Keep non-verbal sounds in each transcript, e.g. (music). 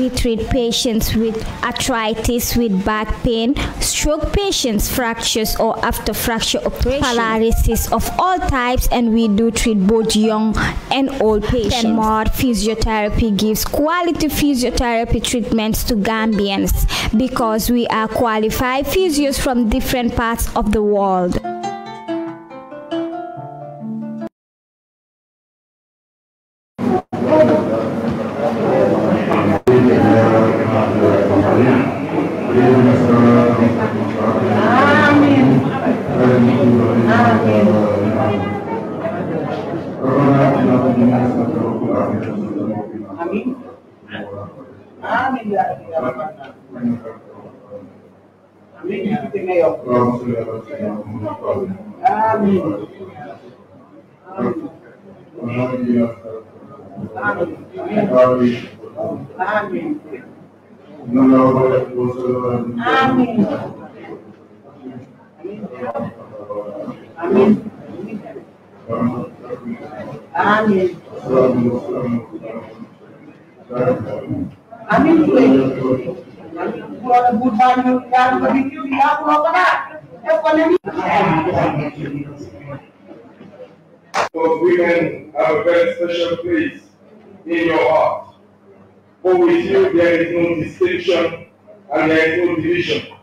We treat patients with arthritis, with back pain, stroke patients, fractures or after fracture operation, paralysis of all types, and we do treat both young and old patients. More Physiotherapy gives quality physiotherapy treatments to Gambians because we are qualified physios from different parts of the world. Amén. Amén. Amén. Amén. Amen. women have a very special place in your heart. For with you there is no distinction and there is no division.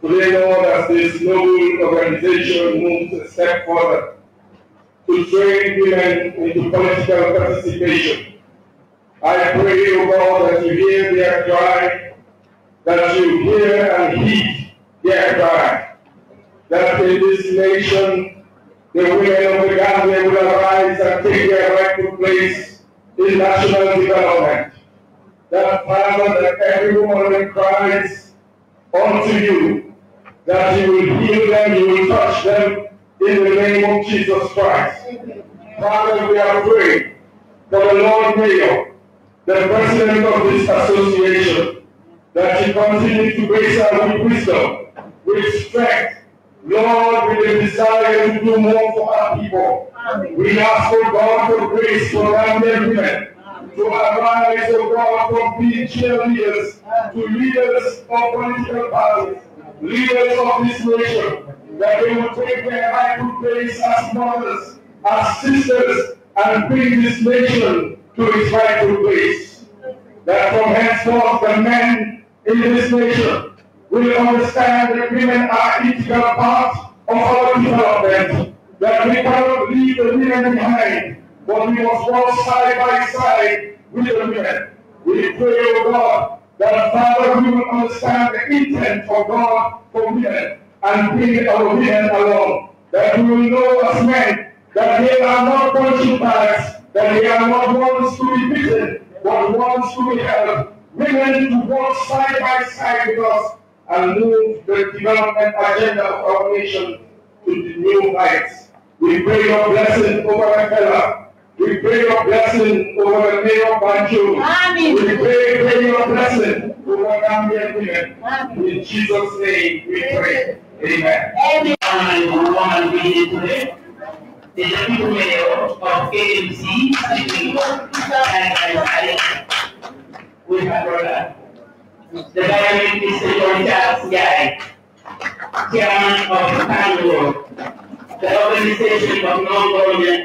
Today, Lord, as this noble organization moves a step further to train women into political participation, I pray, O God, that you hear their cry, that you hear and heed their cry, that in this nation the women of the Gambia will arise and take their rightful place in national development that Father, that everyone in Christ unto you, that you will heal them, you will touch them in the name of Jesus Christ. Father, we are praying for the Lord Mayor, the president of this association, that he continue to raise up with wisdom, with strength, Lord, with a desire to do more for our people. We ask for God for grace for our men to advise the God from being cheerleaders to leaders of political parties, leaders of this nation, that they will take their rightful place as mothers, as sisters, and bring this nation to its rightful place. That from henceforth the men in this nation will understand that women are integral part of our development, that we cannot leave the women behind, but we must walk side by side with the women. We pray, O God, that Father, we will understand the intent for God for women and bring our women along. That we will know as men that they are not punching bags, that they are not ones to be beaten, but ones to be helped. Women to walk side by side with us and move the development agenda of our nation to the new heights. We pray your blessing over fellow. We pray your blessing over the day of Banjo. Amen. We pray, pray your blessing over the Gambia women. Amen. In Jesus' name we pray. Amen. Amen. Woman meeting today. The deputy mayor of KMC, and with my brother, the government is the Charles Guy, chairman of the Congo, the organization of non-government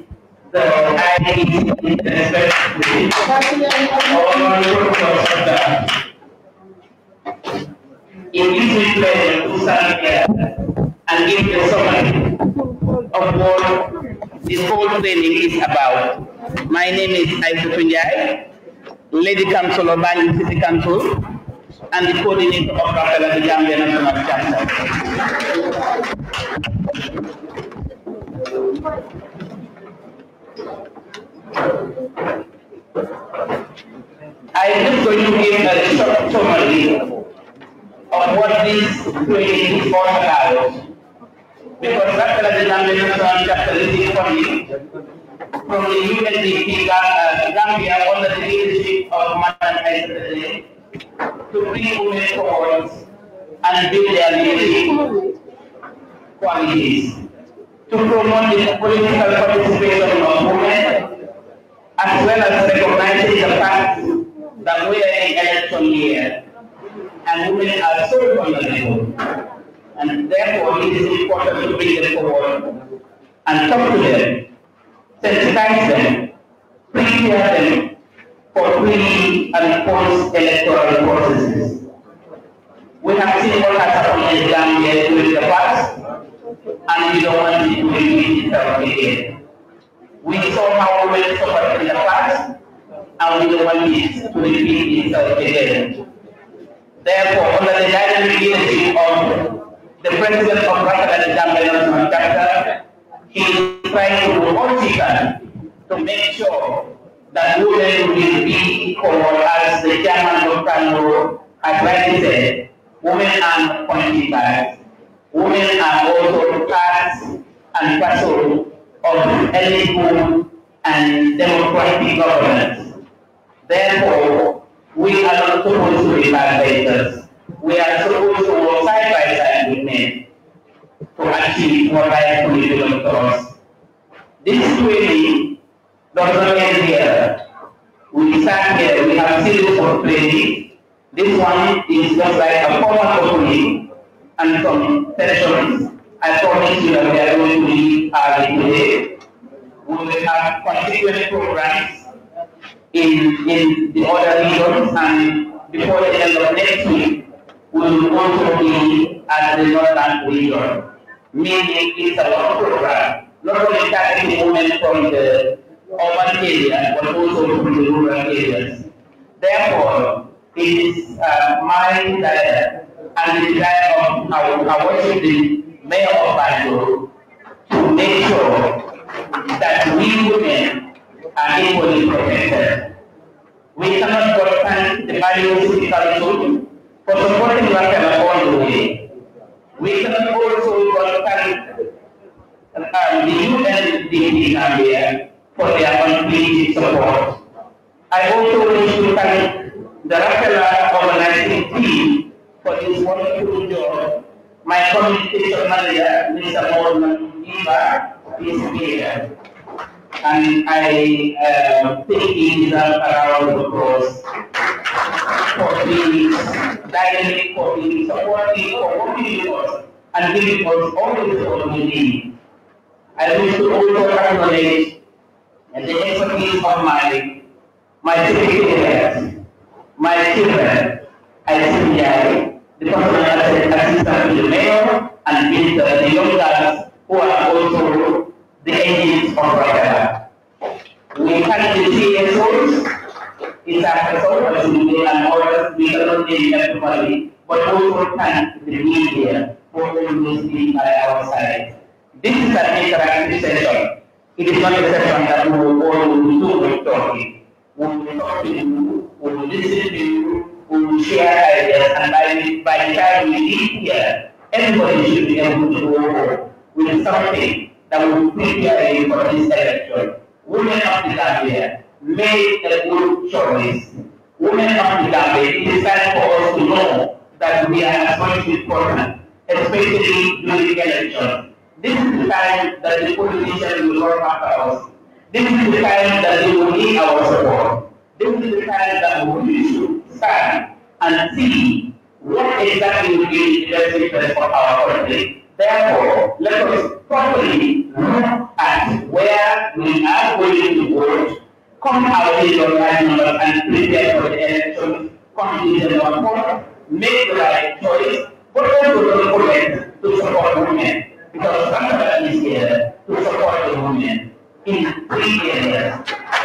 So I respectfully honorable Consultant. In this way, to stand here and give the summary of what this whole training is about. My name is Aiko Tunjai, Lady Council of Banyu City Council, and the coordinator of Rappel the Gambia National Chapter. I'm just going to give a short summary of what these 22 formulas because structural examination capitalistic funding from the UNDP uh, Gambia under the leadership of Madam President to bring women forward and build their leadership qualities, to promote the political participation of women as well as recognizing the fact that we are in election year and women are so vulnerable. And therefore, it is important to bring them forward and talk to them, sensitize them, prepare them for pre and post electoral processes. We have seen what has happened in Zambia during the past, and we don't want to repeat it again we somehow went somebody in the past and we don't want this to repeat itself again. Therefore, under the dynamic leadership of the president of Rafael Dambelon Chapter, he is trying to do all he can to make sure that women will be equal as the chairman of Kano has rightly said, women are not Women are also parts and parcel of ethical and democratic governance. Therefore, we are not supposed to be adversaries. We are supposed to work side by side with men to achieve what rightfully belongs to us. This really doesn't end here. We sat here, we have series of This one is just like a formal opening and some sessions I promise you that we are going to be our today. We will have continuous programs in, in the other regions and before the end of next week, we will also be at the Northern region. Meaning it's a long program, not only targeting women from the urban areas, but also from the rural areas. Therefore, it is uh, my desire and the desire of our, our worship to make sure that we women are equally protected. We cannot thank the values the for supporting oneself all the way. We cannot also thank uh, the UNDP Zambia for their complete support. I also wish to thank the Rockefeller organizing team for this wonderful job my communication manager, Mr. Morgan Iba, is here. And I uh, taking that around the cross for being dynamic, for being supportive, for working with us, and giving us all the support we need. I wish to also acknowledge the expertise of my my secretaries, my children, I see the personal assistant to the mayor and minister, the young guys who are also the agents of Rakala. We can't thank the CSOs, its assessors, and others we cannot name them properly, but also can the media for those being by our side. This is an interactive session. It is not a session that we will all do with talking. We will talk to you, we will listen to you, we will share ideas, and by, the time we leave here, everybody should be able to go home with something that will prepare you for this election. Women of the Gambia make a good choice. Women of the Gambia, it is time for us to know that we are going to important, especially during the election. This is the time that the politicians will run after us. This is the time that they will need our support. This is the time that we will issue understand and see what exactly would be the best interest for our country. Therefore, let us properly look at where we are going to vote, come out in your right number and prepare for the election, come in the number four. make the right choice, but also don't forget to support women. Because Canada is here to support the women in three areas.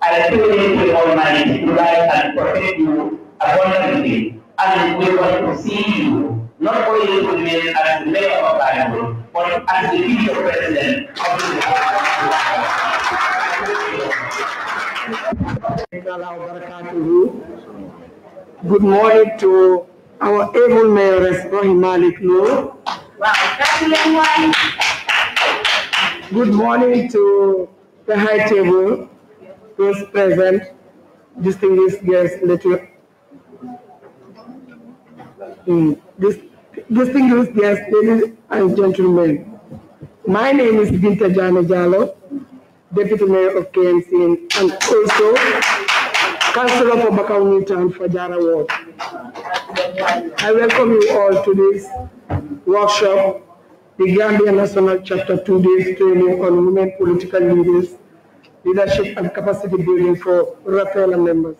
I still need the Almighty to rise and protect you abundantly. And we want to see you, not only to remain as the mayor of Bible, but as the future president of the Good morning to our able mayoress, Rohi Malik Noor. Wow, Good morning to the high table, is present, distinguished guest lecturer. Mm. distinguished guests, ladies and gentlemen. My name is Binta Jana Jallo, Deputy Mayor of KMCN, and also Councillor for Bakauni Town for Jara Ward. I welcome you all to this workshop, the Gambia National Chapter 2 Days Training on Women Political Leaders leadership and capacity building for Rotherana members.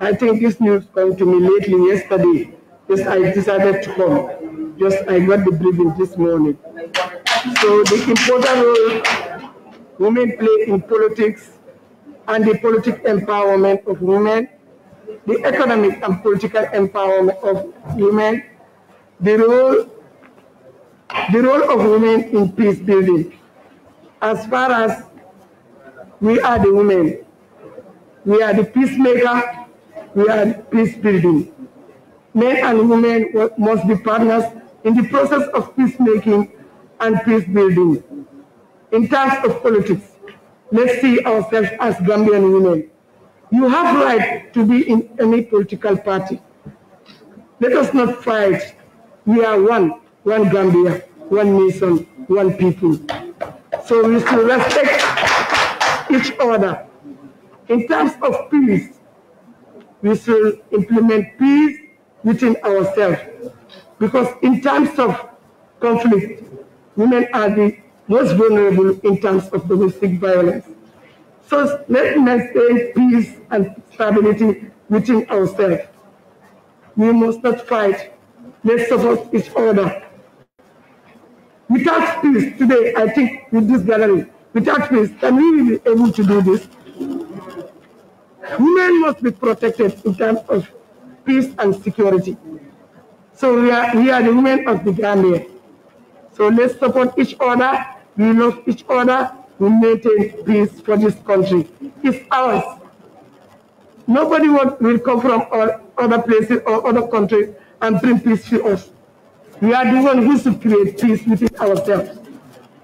I think this news came to me lately yesterday. Yes, I decided to come. Just I got the briefing this morning. So the important role women play in politics and the political empowerment of women, the economic and political empowerment of women, the role, the role of women in peace building. As far as we are the women. We are the peacemaker. We are the peace building. Men and women must be partners in the process of peacemaking and peace building. In terms of politics, let's see ourselves as Gambian women. You have right to be in any political party. Let us not fight. We are one, one Gambia, one nation, one people. So we should respect each other. In times of peace, we should implement peace within ourselves. Because in times of conflict, women are the most vulnerable in terms of domestic violence. So let us maintain peace and stability within ourselves. We must not fight. Let's support each other. Without peace today, I think with this gathering, Without peace, can we be able to do this? Women must be protected in terms of peace and security. So we are, we are the women of the Gambia. So let's support each other, we love each other, we maintain peace for this country. It's ours. Nobody will come from other places or other countries and bring peace to us. We are the ones who should create peace within ourselves.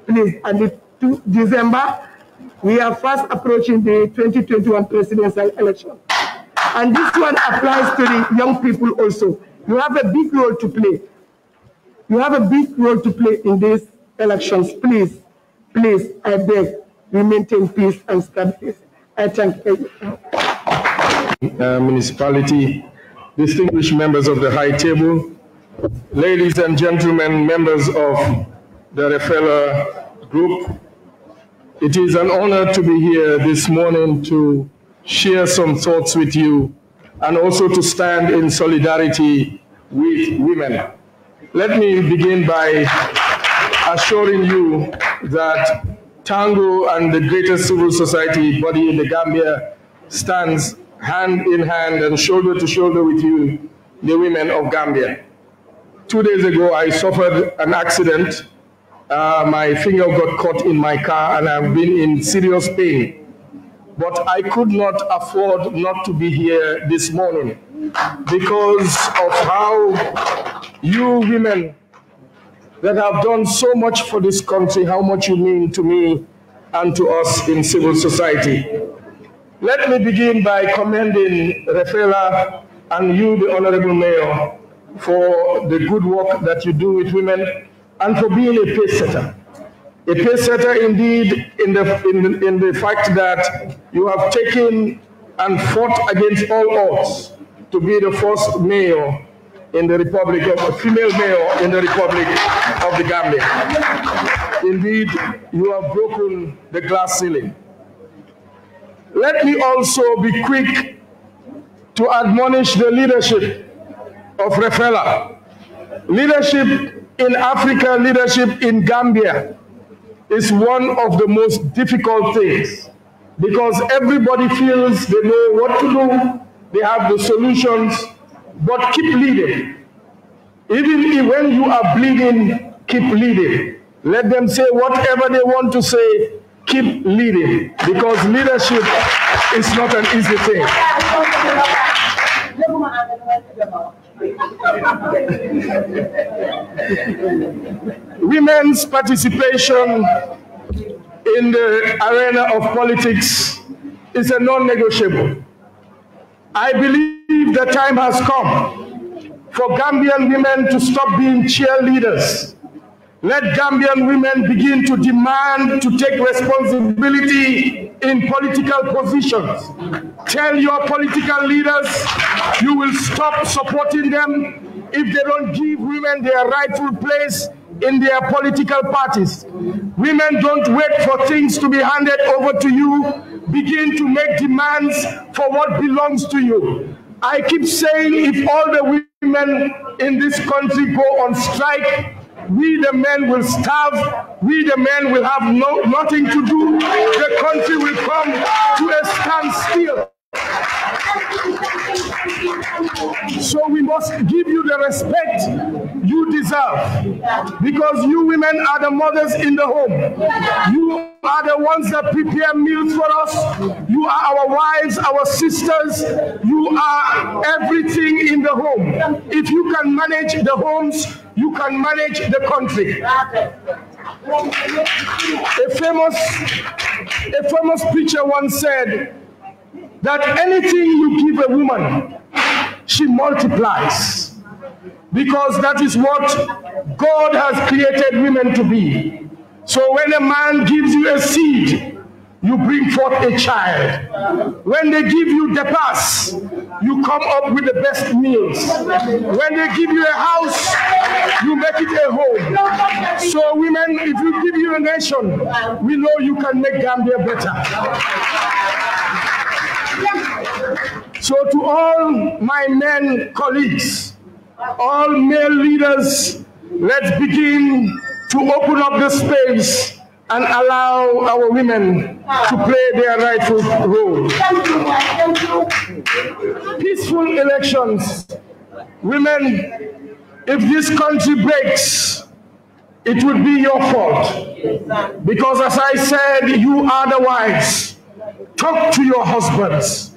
Please, and it to December, we are fast approaching the 2021 presidential election. And this one applies to the young people also. You have a big role to play. You have a big role to play in these elections. Please, please, I beg, we maintain peace and stability. I thank you. Uh, municipality, distinguished members of the high table, ladies and gentlemen, members of the referrer group, it is an honor to be here this morning to share some thoughts with you and also to stand in solidarity with women. Let me begin by assuring you that Tango and the greatest civil society body in the Gambia stands hand in hand and shoulder to shoulder with you, the women of Gambia. Two days ago, I suffered an accident uh, my finger got caught in my car and I've been in serious pain. But I could not afford not to be here this morning because of how you women that have done so much for this country, how much you mean to me and to us in civil society. Let me begin by commending Rafaela and you, the Honorable Mayor, for the good work that you do with women and for being a pace setter. A pace setter indeed in the, in, in the fact that you have taken and fought against all odds to be the first mayor in the Republic of a female mayor in the Republic of the Gambia. Indeed, you have broken the glass ceiling. Let me also be quick to admonish the leadership of Refela. Leadership in Africa, leadership in Gambia is one of the most difficult things because everybody feels they know what to do, they have the solutions, but keep leading. Even if, when you are bleeding, keep leading. Let them say whatever they want to say, keep leading because leadership is not an easy thing. Women's participation in the arena of politics is a non-negotiable. I believe the time has come for Gambian women to stop being cheerleaders let Gambian women begin to demand to take responsibility in political positions. Tell your political leaders you will stop supporting them if they don't give women their rightful place in their political parties. Women don't wait for things to be handed over to you. Begin to make demands for what belongs to you. I keep saying if all the women in this country go on strike, we the men will starve. We the men will have no, nothing to do. The country will come to a standstill. So we must give you the respect you deserve because you women are the mothers in the home. You are the ones that prepare meals for us. You are our wives, our sisters. You are everything in the home. If you can manage the homes, you can manage the country. A famous, a famous preacher once said that anything you give a woman, she multiplies. Because that is what God has created women to be. So when a man gives you a seed, you bring forth a child. When they give you the pass, you come up with the best meals. When they give you a house, you make it a home. So women, if you give you a nation, we know you can make Gambia better. all my men colleagues, all male leaders, let's begin to open up the space and allow our women to play their rightful role. Peaceful elections. Women, if this country breaks, it would be your fault. Because as I said, you are the wives. Talk to your husbands.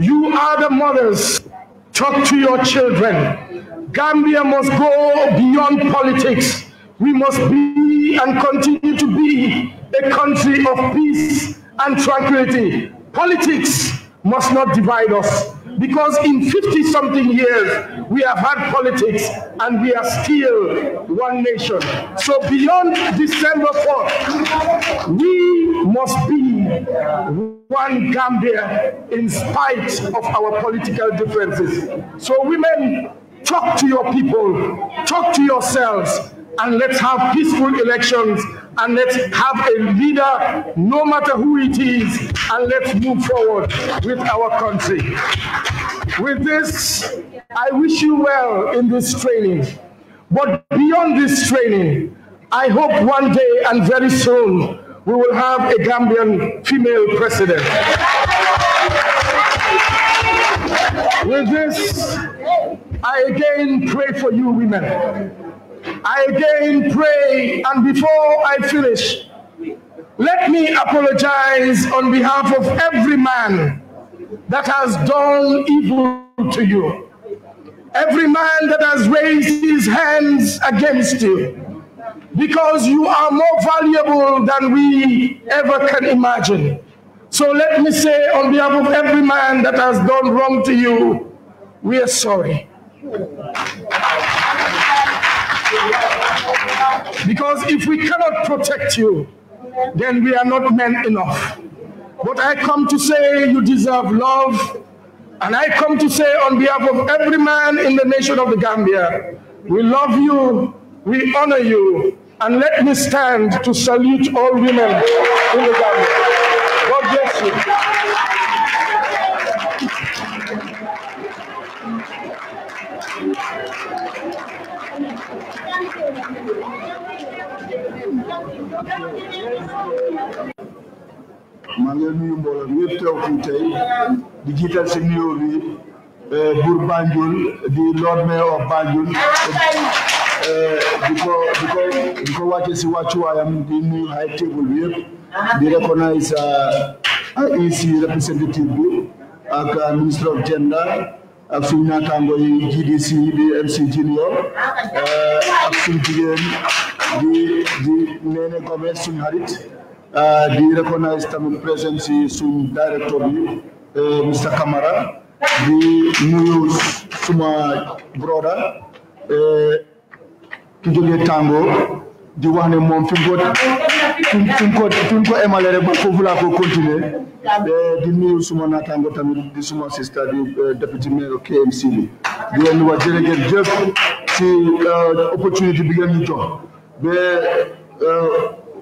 You are the mothers. Talk to your children. Gambia must go beyond politics. We must be and continue to be a country of peace and tranquility. Politics must not divide us. Because in 50 something years, we have had politics and we are still one nation. So beyond December 4th, we must be one Gambia in spite of our political differences. So women, talk to your people, talk to yourselves, and let's have peaceful elections and let's have a leader, no matter who it is, and let's move forward with our country. With this, I wish you well in this training. But beyond this training, I hope one day and very soon we will have a Gambian female president. With this, I again pray for you women. I again pray, and before I finish, let me apologize on behalf of every man that has done evil to you, every man that has raised his hands against you, because you are more valuable than we ever can imagine. So let me say, on behalf of every man that has done wrong to you, we are sorry. Because if we cannot protect you, then we are not men enough. But I come to say you deserve love. And I come to say on behalf of every man in the nation of the Gambia, we love you, we honor you, and let me stand to salute all women in the Gambia. God bless you. maa ngi nuyu mbooloo mi yëpp teew fii si nuyoo bi eh, buur Banjul di Lord Mayor of Banjul eh, di ko ko di ko wàcce si di nuyu high table bi yëpp di recognize IEC ah, ah, representative bi ak ah, ministre of gender ak suñu naataango yi GDC di MC Junior eh, ak suñu jigéen di di Nene Gomez suñu xarit Ah, di recognize tamit présence si suñu directeur bi eh, Mr Camara di nuyu suma broda eh, ki jógee Tango di wax ne moom fi mu ko fi mu ko fi mu ko émale rek ba foofu laa ko continuer eh, di nuyu suma naataango tamit di suma sista di deputy maire KMC bi di leen wax jërëjëf jëf ci opportunité bi ngeen ñu jox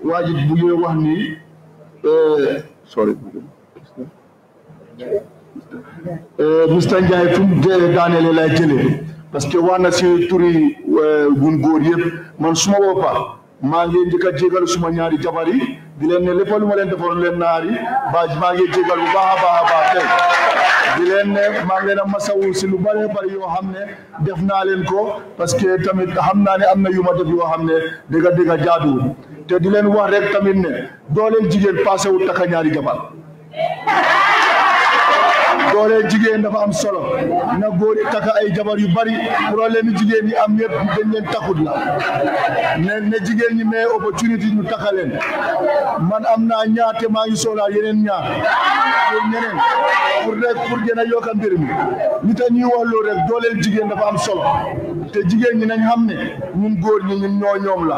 waa ji bu ñuy wax ni euh, sorry euh, Mr Ndiaye fu mu daaneele lay bi parce que wax na si turi euh, gun góor yëpp man suma boppa maa ngi njëkk a jégal suma ñaari jabar yi di leen ne lépp lu ma leen defoon leen naari yi baaj maa ngi jégal bu baax a baax a baax tey di leen ne maa ngi leen a masawu si lu bare bari yoo xam ne def naa leen ko parce que tamit xam naa ne am na yu ma def yoo xam ne dëgg dëgg jaaduwul te di leen wax rek tamit ne dooleel jigéen paasewul takka ñaari jabar doole jigéen dafa am solo na góor yi takk ay jabar yu bari problème yi jigéen ñi am yëpp dañ leen taxut la ne ne jigéen ñi mais opportunité ñu takka leen man am naa ñaar te maa ngi soxla yeneen ñaar pour ñeneen pour rek pour gën a yokk mbir mi li tax ñuy wax loolu rek jigéen dafa am solo te jigéen ñi nañ xam ne ñun góor ñi ñun ñoo ñoom la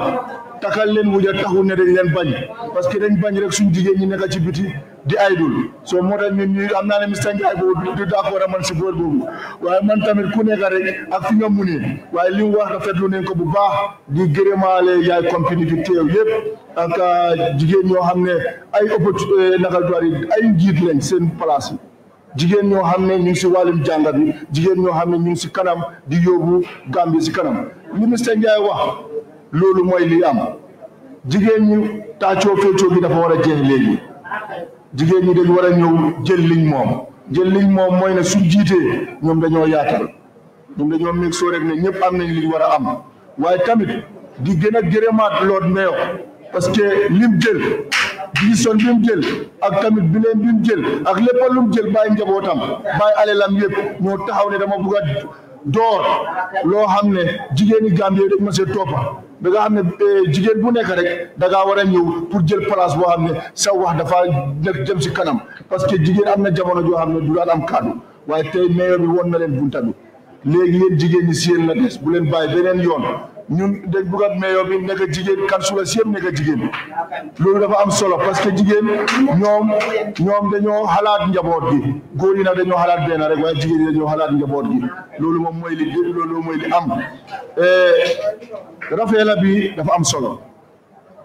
takal leen wuja taxul ne dañ leen bañ parce que dañ bañ rek suñ jigéen ñi nekk ci biti di aydul soo moo tax ñun ñu am naa ne Mr Ndiaye boobu du man si boor boobu waaye man tamit ku nekk rek ak fi mu munee waaye li mu wax rafetlu nañ ko bu baax di gërëmaale yaay compagnie bi teew yëpp euh, jigéen ñoo xam ne ay opportunité euh, nakal duwaar ay njiit lañ seen place yi jigéen ñoo xam ne ñu ngi si wàllum jàngat bi jigéen ñoo xam ne ñu ngi si kanam di yóbbu Gambie si kanam li Mr Ndiaye wax loolu mooy li am jigéen ñi taacoo féetoo dafa war a jeex léegi jigéen ñi dañu war a ñëw jël liñ moom jël liñ moom mooy ne suñ jiitee ñoom dañoo yaatal ñoom dañoo meeg soo rek ne ñëpp am nañ liñ war a am waaye tamit di gën a gërëmaat Lord Mayor parce que lim jël décision bi mu jël ak tamit bileen bi mu jël ak lépp lu mu jël bàyyi njabootam bàyyi alalam yëpp ñoo taxaw ne dama bugg a door loo xam ne jigéeni Gambie dañ ma see toopa ba nga xam ne eh, jigéen bu nekk rek da ngaa war a pour jël place boo xam ne sa wax dafa nekk jëm si kanam parce que jigéen am na jamono joo xam ne du daan am kaddu waaye tey maire bi woon na leen bunta bi léegi yéen jigéen ñi si yéen la des bu leen bàyyi beneen yoon ñun dañ bugg a meeyoo bi nekk jigéen kansula si yëpp nekk jigéen loolu dafa am solo parce que jigéen ñoom ñoom dañoo xalaat njaboot gi góor yi nag dañoo xalaat benn rek waaye jigéen yi dañoo xalaat njaboot gi loolu moom mooy li loolu mooy li am eh, Rafeela bi dafa am solo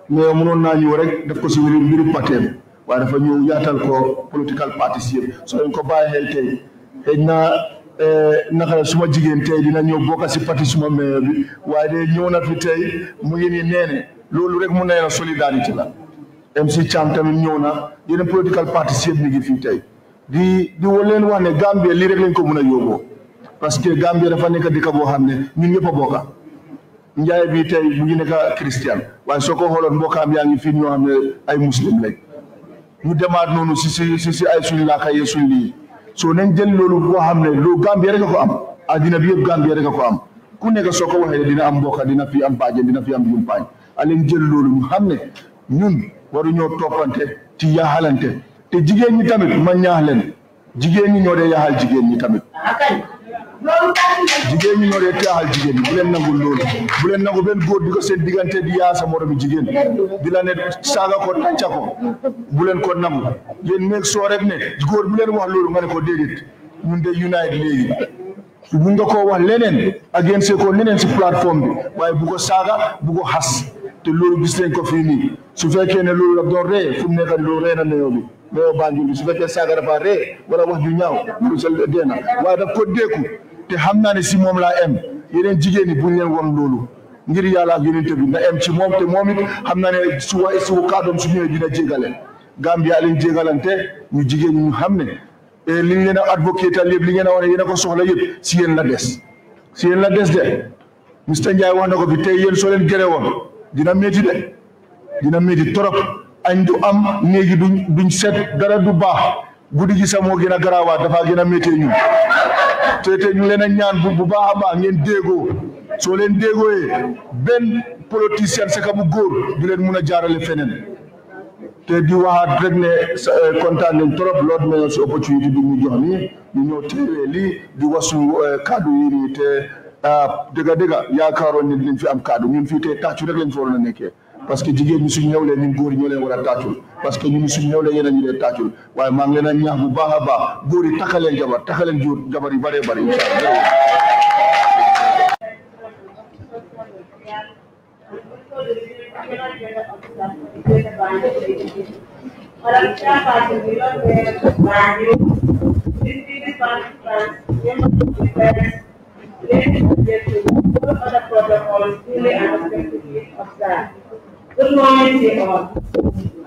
mais mënoon naa ñëw rek def ko si mbiri mbiri pateem waaye dafa ñëw yaatal ko political parties yëpp soo leen ko bàyyi xel Eh, naka la suma jigéen tey dina ñëw bokk si pati suma maire bi waaye de ñëw na fi tey mu ngi nii nee ne loolu rek mun nee na solidarité la MC Cham tamit ñëw na yeneen political parties yëpp ñu ngi fii tey di di leen wax ne Gambie lii rek ko mun a yóbboo parce que Gambie dafa nekk dëkk boo xam ne ñu ñëpp a bokk njaay bi tey mu ngi nekk christian waaye soo ko xooloon mbokkaam yaa ngi fii ñoo xam ne ay muslim lañ mu demaat noonu si si si ay suñ laaka yee soo nañ jël loolu boo xam ne lu Gambia rek a ko am addina bi yëpp Gambia rek a ko am ku nekk soo ko waxee dina am mbokk dina fi am bàjjen dina fi am yumpaañ alen jël loolu ñu xam ne ñun waruñoo toppante ci yaaxalante te jigéen ñi tamit man ñaax leen jigéen ñi ñoo de yaaxal jigéen ñi tamit jigéen ñi ñoo dee taaxal jigéen bu leen nangu loolu bu leen nangu ben góor di ko seen diggante di yaa sa moromi jigéen di la ne saaga ko tànca ko bu leen ko nangu yéen meeg soo rek ne góor bu leen wax loolu nga ne ko déedéet ñun de unite léegi nga ko wax leneen ak yéen see ko leneen si plateforme bi waaye bu ko saaga bu ko xas te loolu gis ko fii nii su fekkee ne loolu la doon ree fu mu nekk loolu ree na neyoo bi doo Banjul bi su fekkee saaga dafa ree wala wax ju ñaaw loolu sa na waaye daf ko déeku te xam naa ne si moom laa em yeneen jigéen ñi bu ñu leen won loolu ngir yàlla ak yeneen bi na em ci moom te moom it xam naa ne su wa su kàddoom su ñëwee dina jégale Gambia leen jégalante ñu jigéen ñu xam ne e li leen a advocate yëpp li ngeen a wane a ko soxla yëpp si yéen la des si yéen la des de Mr Ndiaye wax na ko bi tey yéen soo leen gëree woon dina métti de dina métti trop añ du am néegi duñ duñ set dara du baax guddi gi sax moo gën a garaawaat dafa gën a métti ñun te te ñu leen a ñaan bu bu baax a baax ngeen déggoo soo leen déggooyee benn politicien saka bu góor du leen mun a jaarale feneen te di waxaat rek ne euh, kontaan trop Lord Mayor si opportunité bi ñu jox nii ñu ñëw teewee lii di wasu euh, kaddu yi nii te ah, dëgg dëgg yaakaaroon ne dinañ fi am kaddu ñun fii te tàccu rek lañ fa waroon a nekkee. parce que jigéen ñi suñ ñewlee ñun góor ñoo leen wara a parce que ñu ñun suñ ñewlee ñeneen ñi leen tàccul waye ma ngi leen ñaax bu baaxa baax góor yi takkaleen jabar takkaleen jour jabar yu bare bare inshallah allah This Good morning to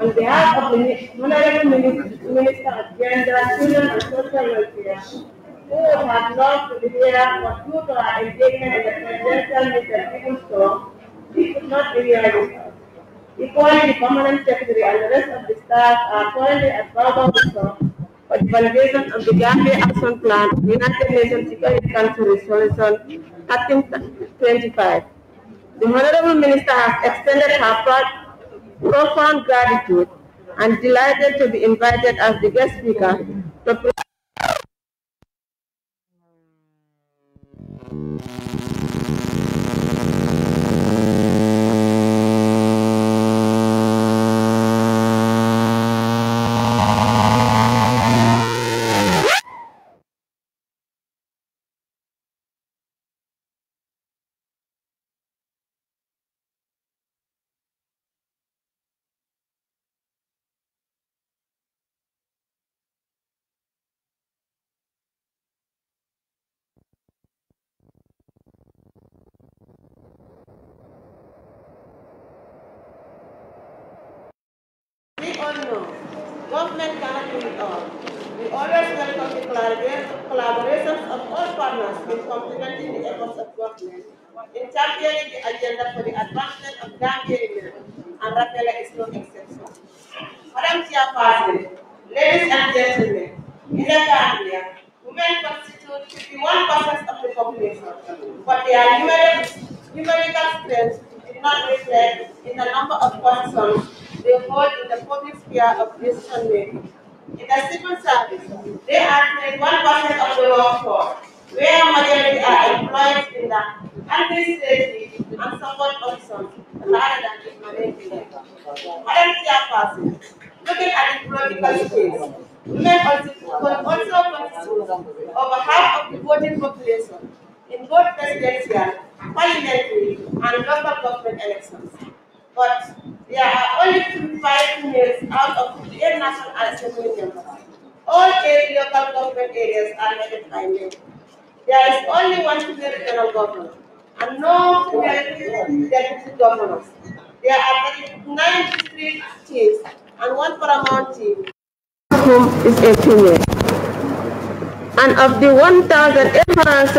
On behalf of the Honorable Minister of Gender, Children and Social Welfare, who would have loved to be here due to our engagement in the presidential Mr. People's Storm, we could not be here Equally, the Permanent Secretary and the rest of the staff are currently at Baba Wisdom for the validation of the Gambia Action Plan, United Nations Security Council Resolution 1325. The Honorable Minister has extended her profound gratitude and delighted to be invited as the guest speaker to present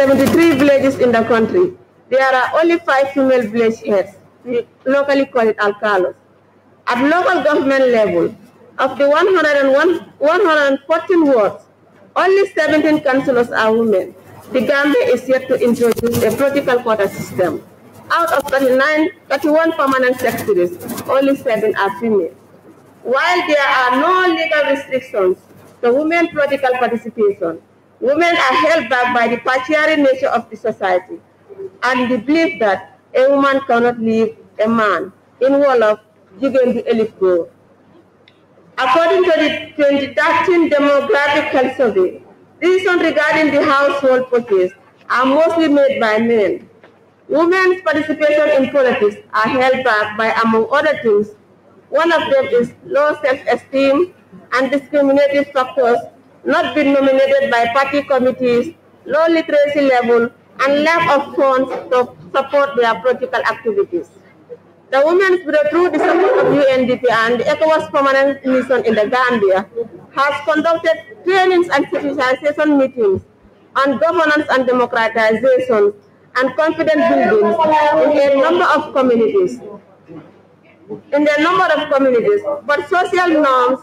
73 villages in the country. There are only five female village heads. We locally call it alcalos. At local government level, of the 101, 114 wards, only 17 councillors are women. The Gambia is yet to introduce a political quota system. Out of 39, 31 permanent secretaries, only seven are female. While there are no legal restrictions to women political participation, Women are held back by the patriarchal nature of the society and the belief that a woman cannot leave a man in Wolof, given the elif go. According to the 2013 demographic survey, decisions regarding the household purchase are mostly made by men. Women's participation in politics are held back by, among other things, one of them is low self-esteem and discriminative factors not been nominated by party committees, low literacy level, and lack of funds to support their political activities. The Women's Bureau, through the support of UNDP and the ECOWAS Permanent Mission in the Gambia, has conducted trainings and sensitization meetings on governance and democratization and confidence building in a number of communities, in the number of communities, but social norms,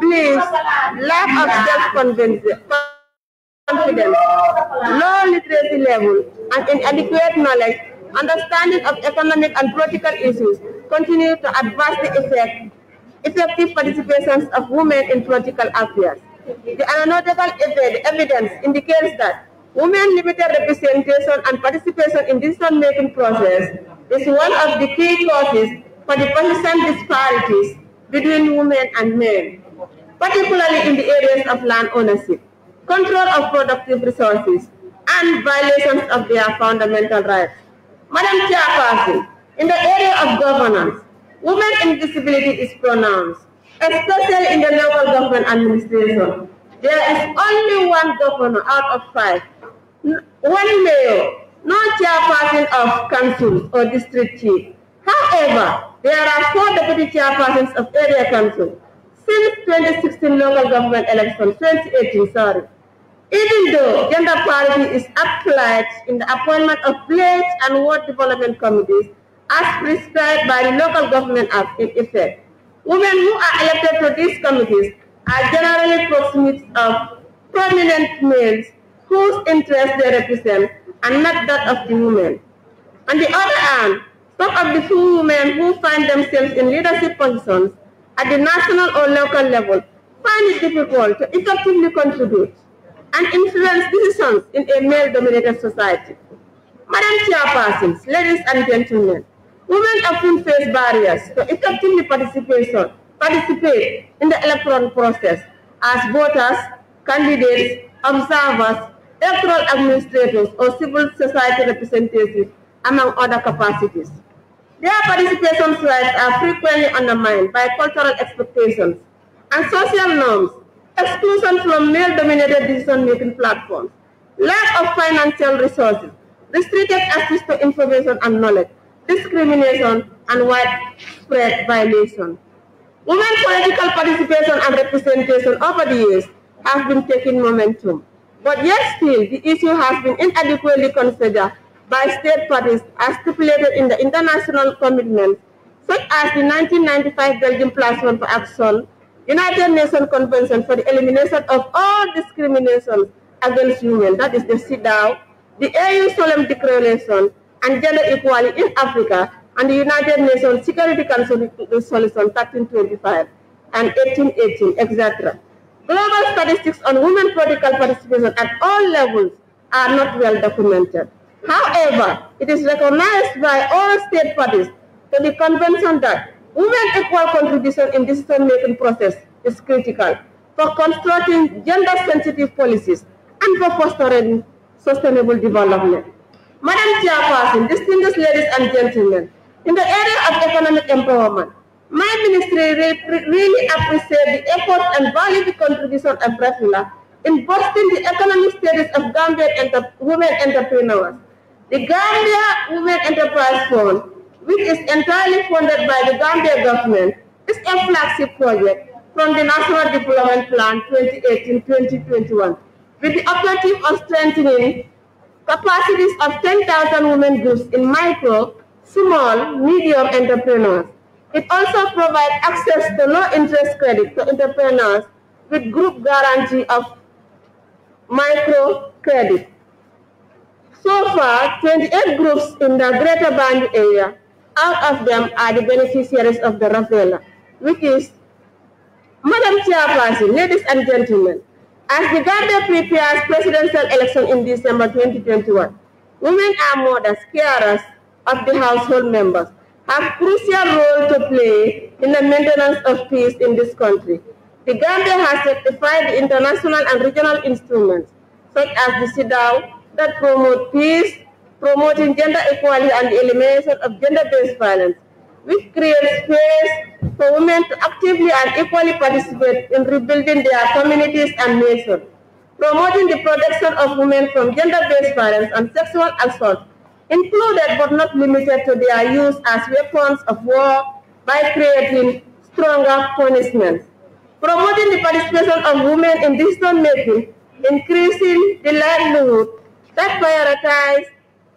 beliefs, lack of self-confidence, low literacy level, and inadequate knowledge, understanding of economic and political issues continue to advance the effective participations of women in political affairs. The analytical evidence indicates that women limited representation and participation in decision-making process is one of the key causes for the persistent disparities between women and men, particularly in the areas of land ownership, control of productive resources, and violations of their fundamental rights. Madam Chairperson, in the area of governance, women in disability is pronounced, especially in the local government administration. There is only one governor out of five, one mayor, no chairperson of councils or district chief, However, there are four deputy chairpersons of area council since 2016 local government elections. 2018, sorry. Even though gender parity is applied in the appointment of village and ward development committees as prescribed by the Local Government Act in effect, women who are elected to these committees are generally proxies of prominent males whose interests they represent and not that of the women. On the other hand, some of the few women who find themselves in leadership positions at the national or local level find it difficult to effectively contribute and influence decisions in a male-dominated society. Madam Chairpersons, ladies and gentlemen, women often face barriers to effectively participation, participate in the electoral process as voters, candidates, observers, electoral administrators, or civil society representatives, among other capacities. Their participation rights are frequently undermined by cultural expectations and social norms, exclusion from male-dominated decision-making platforms, lack of financial resources, restricted access to information and knowledge, discrimination, and widespread violation. Women's political participation and representation over the years have been taking momentum, but yet still the issue has been inadequately considered by state parties as stipulated in the international commitments, such as the 1995 Belgium Platform for Action, United Nations Convention for the Elimination of All Discrimination Against Women, that is the CEDAW, the AU Solemn Declaration and Gender Equality in Africa, and the United Nations Security Council Resolution 1325 and 1818, etc. Global statistics on women political participation at all levels are not well documented. However, it is recognized by all state parties to the convention that women's equal contribution in decision-making process is critical for constructing gender-sensitive policies and for fostering sustainable development. Madam Chairperson, distinguished ladies and gentlemen, in the area of economic empowerment, my ministry really appreciates the efforts and valuable contribution of REFILA in boosting the economic status of Gambian enter women entrepreneurs. The Gambia Women Enterprise Fund, which is entirely funded by the Gambia government, is a flagship project from the National Development Plan 2018-2021 with the objective of strengthening capacities of 10,000 women groups in micro, small, medium entrepreneurs. It also provides access to low-interest credit to entrepreneurs with group guarantee of microcredit. So far, 28 groups in the Greater Band area, out of them are the beneficiaries of the Ravela. which is, Madam Chairperson, ladies and gentlemen, as the Gambia prepares presidential election in December 2021, women are mothers, carers of the household members, have crucial role to play in the maintenance of peace in this country. The Gambia has ratified the international and regional instruments, such as the CEDAW, that promote peace, promoting gender equality and the elimination of gender-based violence, which creates space for women to actively and equally participate in rebuilding their communities and nation, promoting the protection of women from gender-based violence and sexual assault, included but not limited to their use as weapons of war by creating stronger punishments, promoting the participation of women in decision-making, increasing the livelihood that prioritize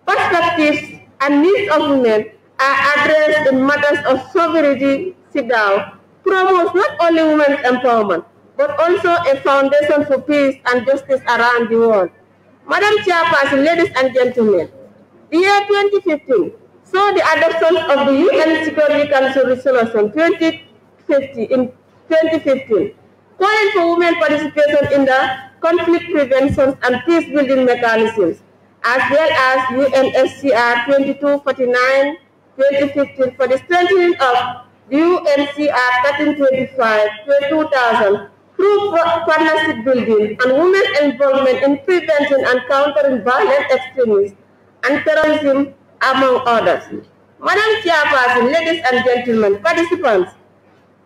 perspectives and needs of women are addressed in matters of sovereignty, CIDAW, promotes not only women's empowerment, but also a foundation for peace and justice around the world. Madam Chairperson, ladies and gentlemen, the year 2015 saw the adoption of the UN Security Council Resolution 2050 in 2015 calling for women participation in the conflict prevention and peace building mechanisms, as well as UNSCR 2249 2015 for the strengthening of the UNCR 1325 2000 through partnership building and women's involvement in preventing and countering violent extremism and terrorism, among others. Madam Chairperson, ladies and gentlemen, participants,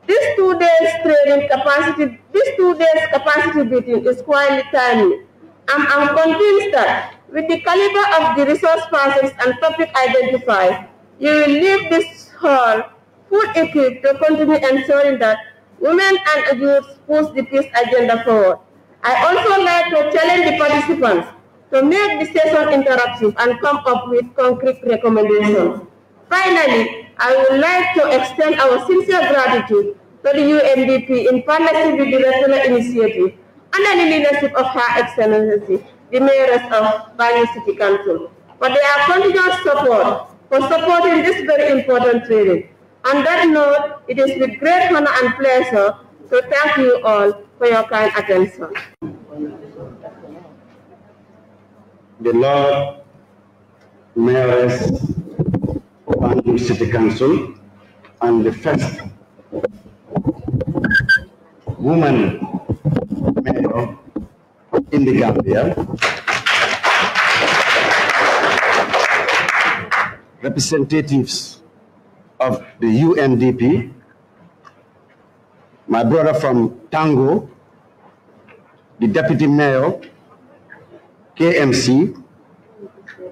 this two days training capacity, this two days capacity building is quite timely. I'm, I'm convinced that with the caliber of the resource persons and topic identified, you will leave this hall full equipped to continue ensuring that women and youth push the peace agenda forward. I also like to challenge the participants to make the session interactive and come up with concrete recommendations. Finally, I would like to extend our sincere gratitude to the UNDP in partnership with the National Initiative under the leadership of Her Excellency, the Mayoress of Banyu City Council, for their continuous support for supporting this very important training. On that note, it is with great honor and pleasure to thank you all for your kind attention. The Lord Mayoress Bandung City Council and the first woman mayor in the Gambia. Representatives of the UNDP, my brother from Tango, the deputy mayor, KMC,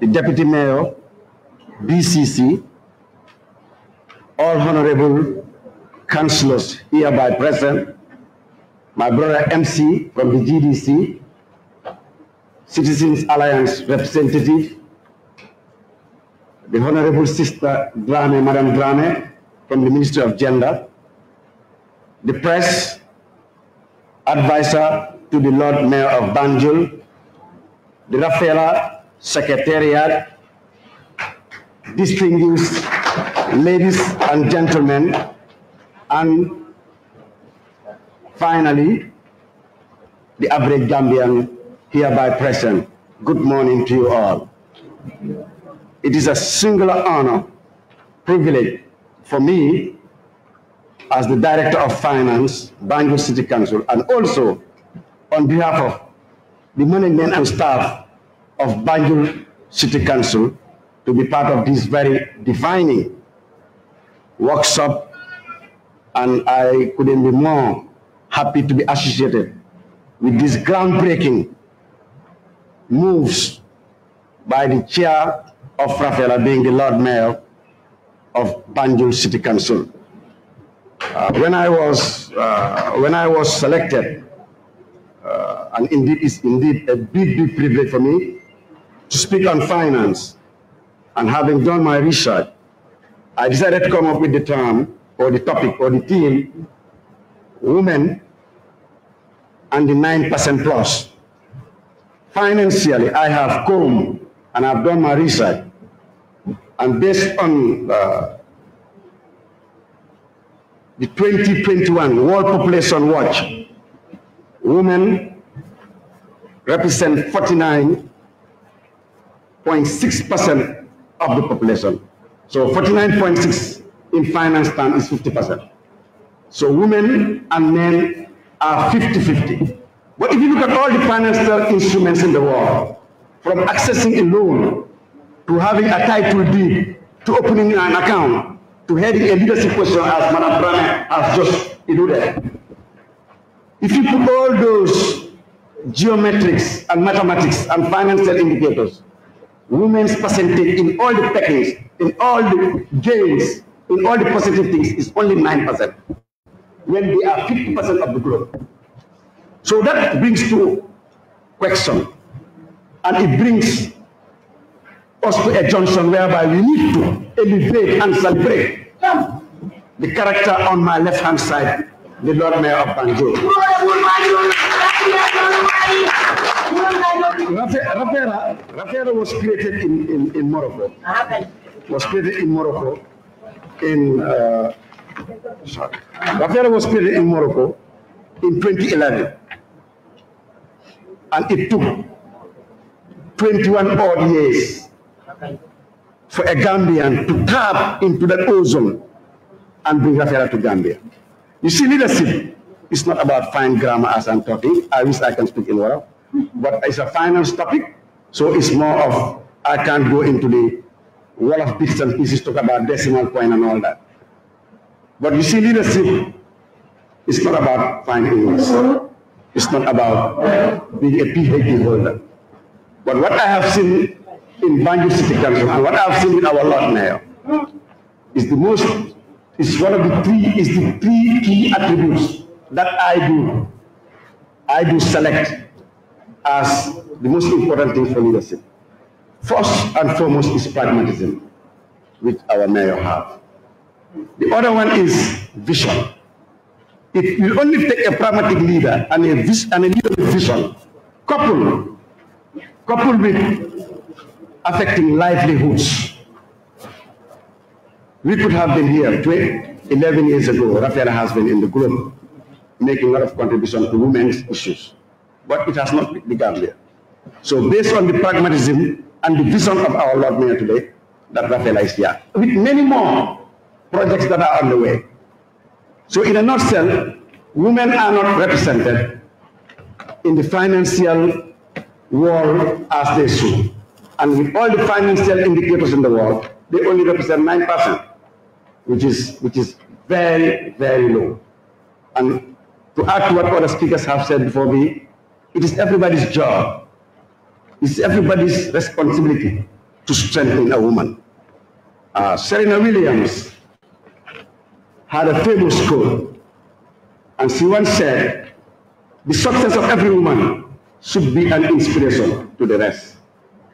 the deputy mayor, BCC, all honorable councillors hereby present, my brother MC from the GDC, Citizens Alliance representative, the Honorable Sister Drane, Madam Drane, from the Ministry of Gender, the press advisor to the Lord Mayor of Banjul, the Rafaela Secretariat, distinguished ladies and gentlemen, and finally, the average Gambian hereby present. Good morning to you all. It is a singular honor, privilege for me as the Director of Finance, Bangor City Council, and also on behalf of the management and staff of Bangor City Council to be part of this very defining workshop, and I couldn't be more happy to be associated with this groundbreaking moves by the chair of Rafaela being the Lord Mayor of Banjul City Council. Uh, when I was uh, when I was selected, uh, and indeed it's indeed a big big privilege for me to speak on finance, and having done my research, I decided to come up with the term or the topic or the theme women and the 9% plus. Financially, I have come and I've done my research. And based on uh, the 2021 World Population Watch, women represent 49.6% of the population. So 49.6 in finance term is 50%. So women and men are 50-50. But if you look at all the financial instruments in the world, from accessing a loan, to having a title deed, to opening an account, to heading a leadership position as Madam Brahman has just alluded. If you put all those geometrics and mathematics and financial indicators, women's percentage in all the techniques in all the gains, in all the positive things, is only 9% when they are 50% of the growth. So that brings to question, and it brings us to a junction whereby we need to elevate and celebrate the character on my left-hand side, the Lord Mayor of Banjul. Rafaela was created in, in, in Morocco. was created in Morocco in uh, was created in Morocco in 2011, and it took 21 odd years for a Gambian to tap into that ozone and bring Gafera to Gambia. You see, leadership is not about fine grammar as I'm talking. I wish I can speak in Wolof, but it's a finance topic, so it's more of I can't go into of bits and pieces talk about decimal point and all that. But you see, leadership is not about fine English. It's not about being a PhD holder. But what I have seen in Banjul City Council and what I have seen in our Lord Mayor is the most, is one of the three, is the three key attributes that I do, I do select as the most important thing for leadership. First and foremost is pragmatism, which our mayor have. The other one is vision. It will only take a pragmatic leader and a, and a leader with vision, coupled, coupled with affecting livelihoods. We could have been here 11 years ago. Rafael has been in the group, making a lot of contribution to women's issues. But it has not begun there. So based on the pragmatism, and the vision of our Lord Mayor today that Rafaela is here, with many more projects that are on the way. So in a nutshell, women are not represented in the financial world as they should. And with all the financial indicators in the world, they only represent 9%, which is, which is very, very low. And to add to what other speakers have said before me, it is everybody's job it's everybody's responsibility to strengthen a woman. Uh, Serena Williams had a famous quote, and she once said, the success of every woman should be an inspiration to the rest.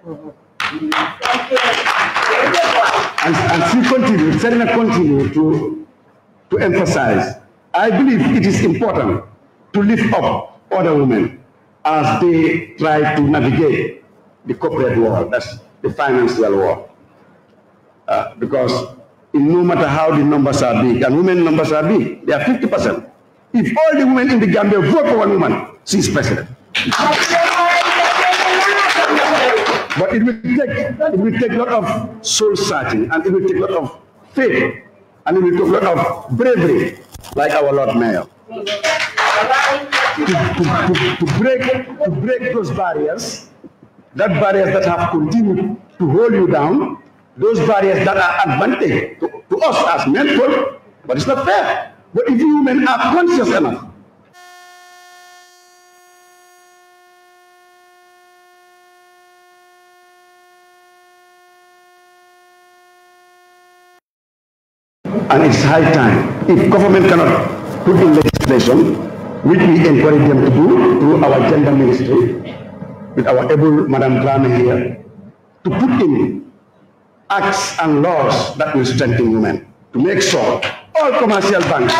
And, and she continued, Serena continued to, to emphasize, I believe it is important to lift up other women as they try to navigate the corporate world, that's the financial world. Uh, because no matter how the numbers are big, and women numbers are big, they are If all the women in the Gambia vote for one woman, she's president. but it it will take a lot of soul searching, and it will take a lot of faith, and it will take a lot of bravery, like our Lord Mayor. to, to, to, break, to break those barriers, that barriers that have continued to hold you down, those barriers that are advantage to, to us as men, but it's not fair. But if you men are conscious enough, and it's high time. If government cannot put in legislation which we encourage them to do through our gender ministry, with our able Madam Drame here, to put in acts and laws that will strengthen women, to make sure all commercial banks,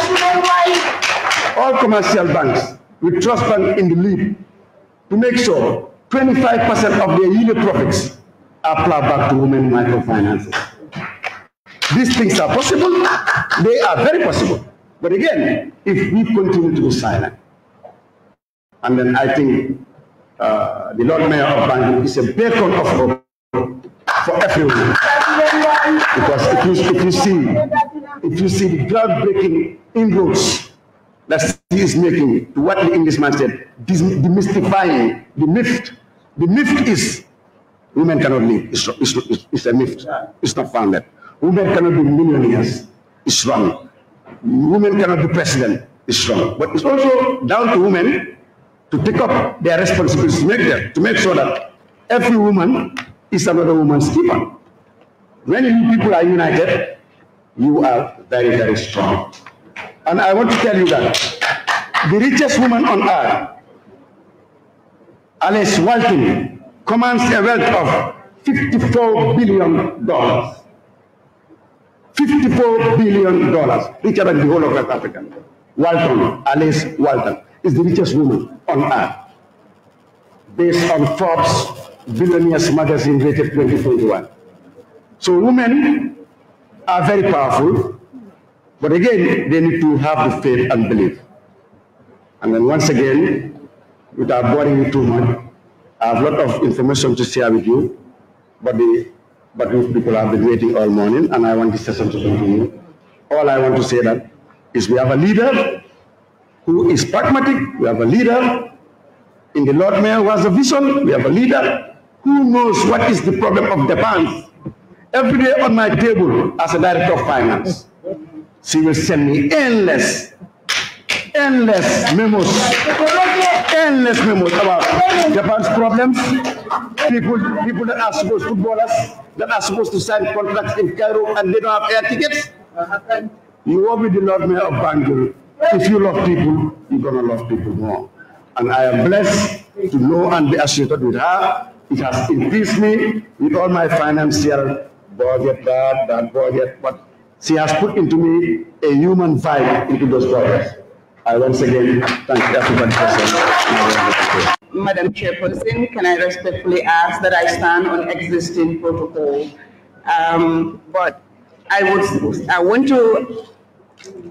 all commercial banks, with Trust Bank in the lead, to make sure 25% of their yearly profits are plowed back to women microfinances. These things are possible. They are very possible. But again, if we continue to be silent, and then I think uh, the Lord Mayor of Bangalore is a beacon of hope for everyone. Because if you, if you see, if you see the groundbreaking inroads that he is making to what the Englishman said, demystifying the myth. The myth is women cannot live. It's, it's, it's a myth. It's not founded. Women cannot be millionaires. It's wrong. women cannot be president is strong. But it's also down to women to take up their responsibilities, to make, them, to make sure that every woman is another woman's keeper. When you people are united, you are very, very strong. And I want to tell you that the richest woman on earth, Alice Walton, commands a wealth of billion. $54 billion, richer than the whole of West Africa. Walton, Alice Walton, is the richest woman on earth. Based on Forbes Billionaires Magazine rated 2021. So women are very powerful, but again, they need to have the faith and belief. And then once again, without boring you too much, I have a lot of information to share with you, but the but those people have been waiting all morning, and I want this session to continue. All I want to say that is we have a leader who is pragmatic. We have a leader in the Lord Mayor who has a vision. We have a leader who knows what is the problem of the banks. Every day on my table as a director of finance, she will send me endless endless memos, endless memos about Japan's problems, people, people that are supposed, footballers, that are supposed to sign contracts in Cairo and they don't have air tickets. You will not be the Lord Mayor of Bangalore. If you love people, you're going to love people more. And I am blessed to know and be associated with her. It has increased me with all my financial budget, that, that budget, but she has put into me a human vibe into those projects. I once again thank everybody for Madam Chairperson, can I respectfully ask that I stand on existing protocol? Um, but I would I want to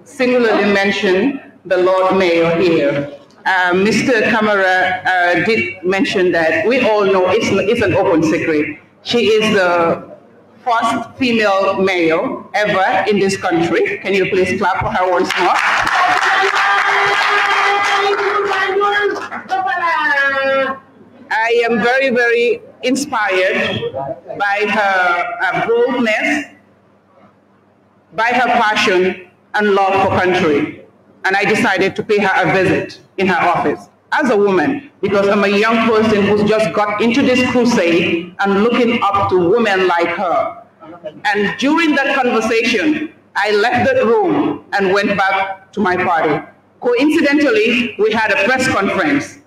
singularly mention the Lord Mayor here. Uh, Mr. Kamara uh, did mention that we all know it's, it's an open secret. She is the first female mayor ever in this country. Can you please clap for her once more? I am very, very inspired by her uh, boldness, by her passion and love for country. And I decided to pay her a visit in her office as a woman because I'm a young person who's just got into this crusade and looking up to women like her. And during that conversation, I left that room and went back to my party. Coincidentally, we had a press conference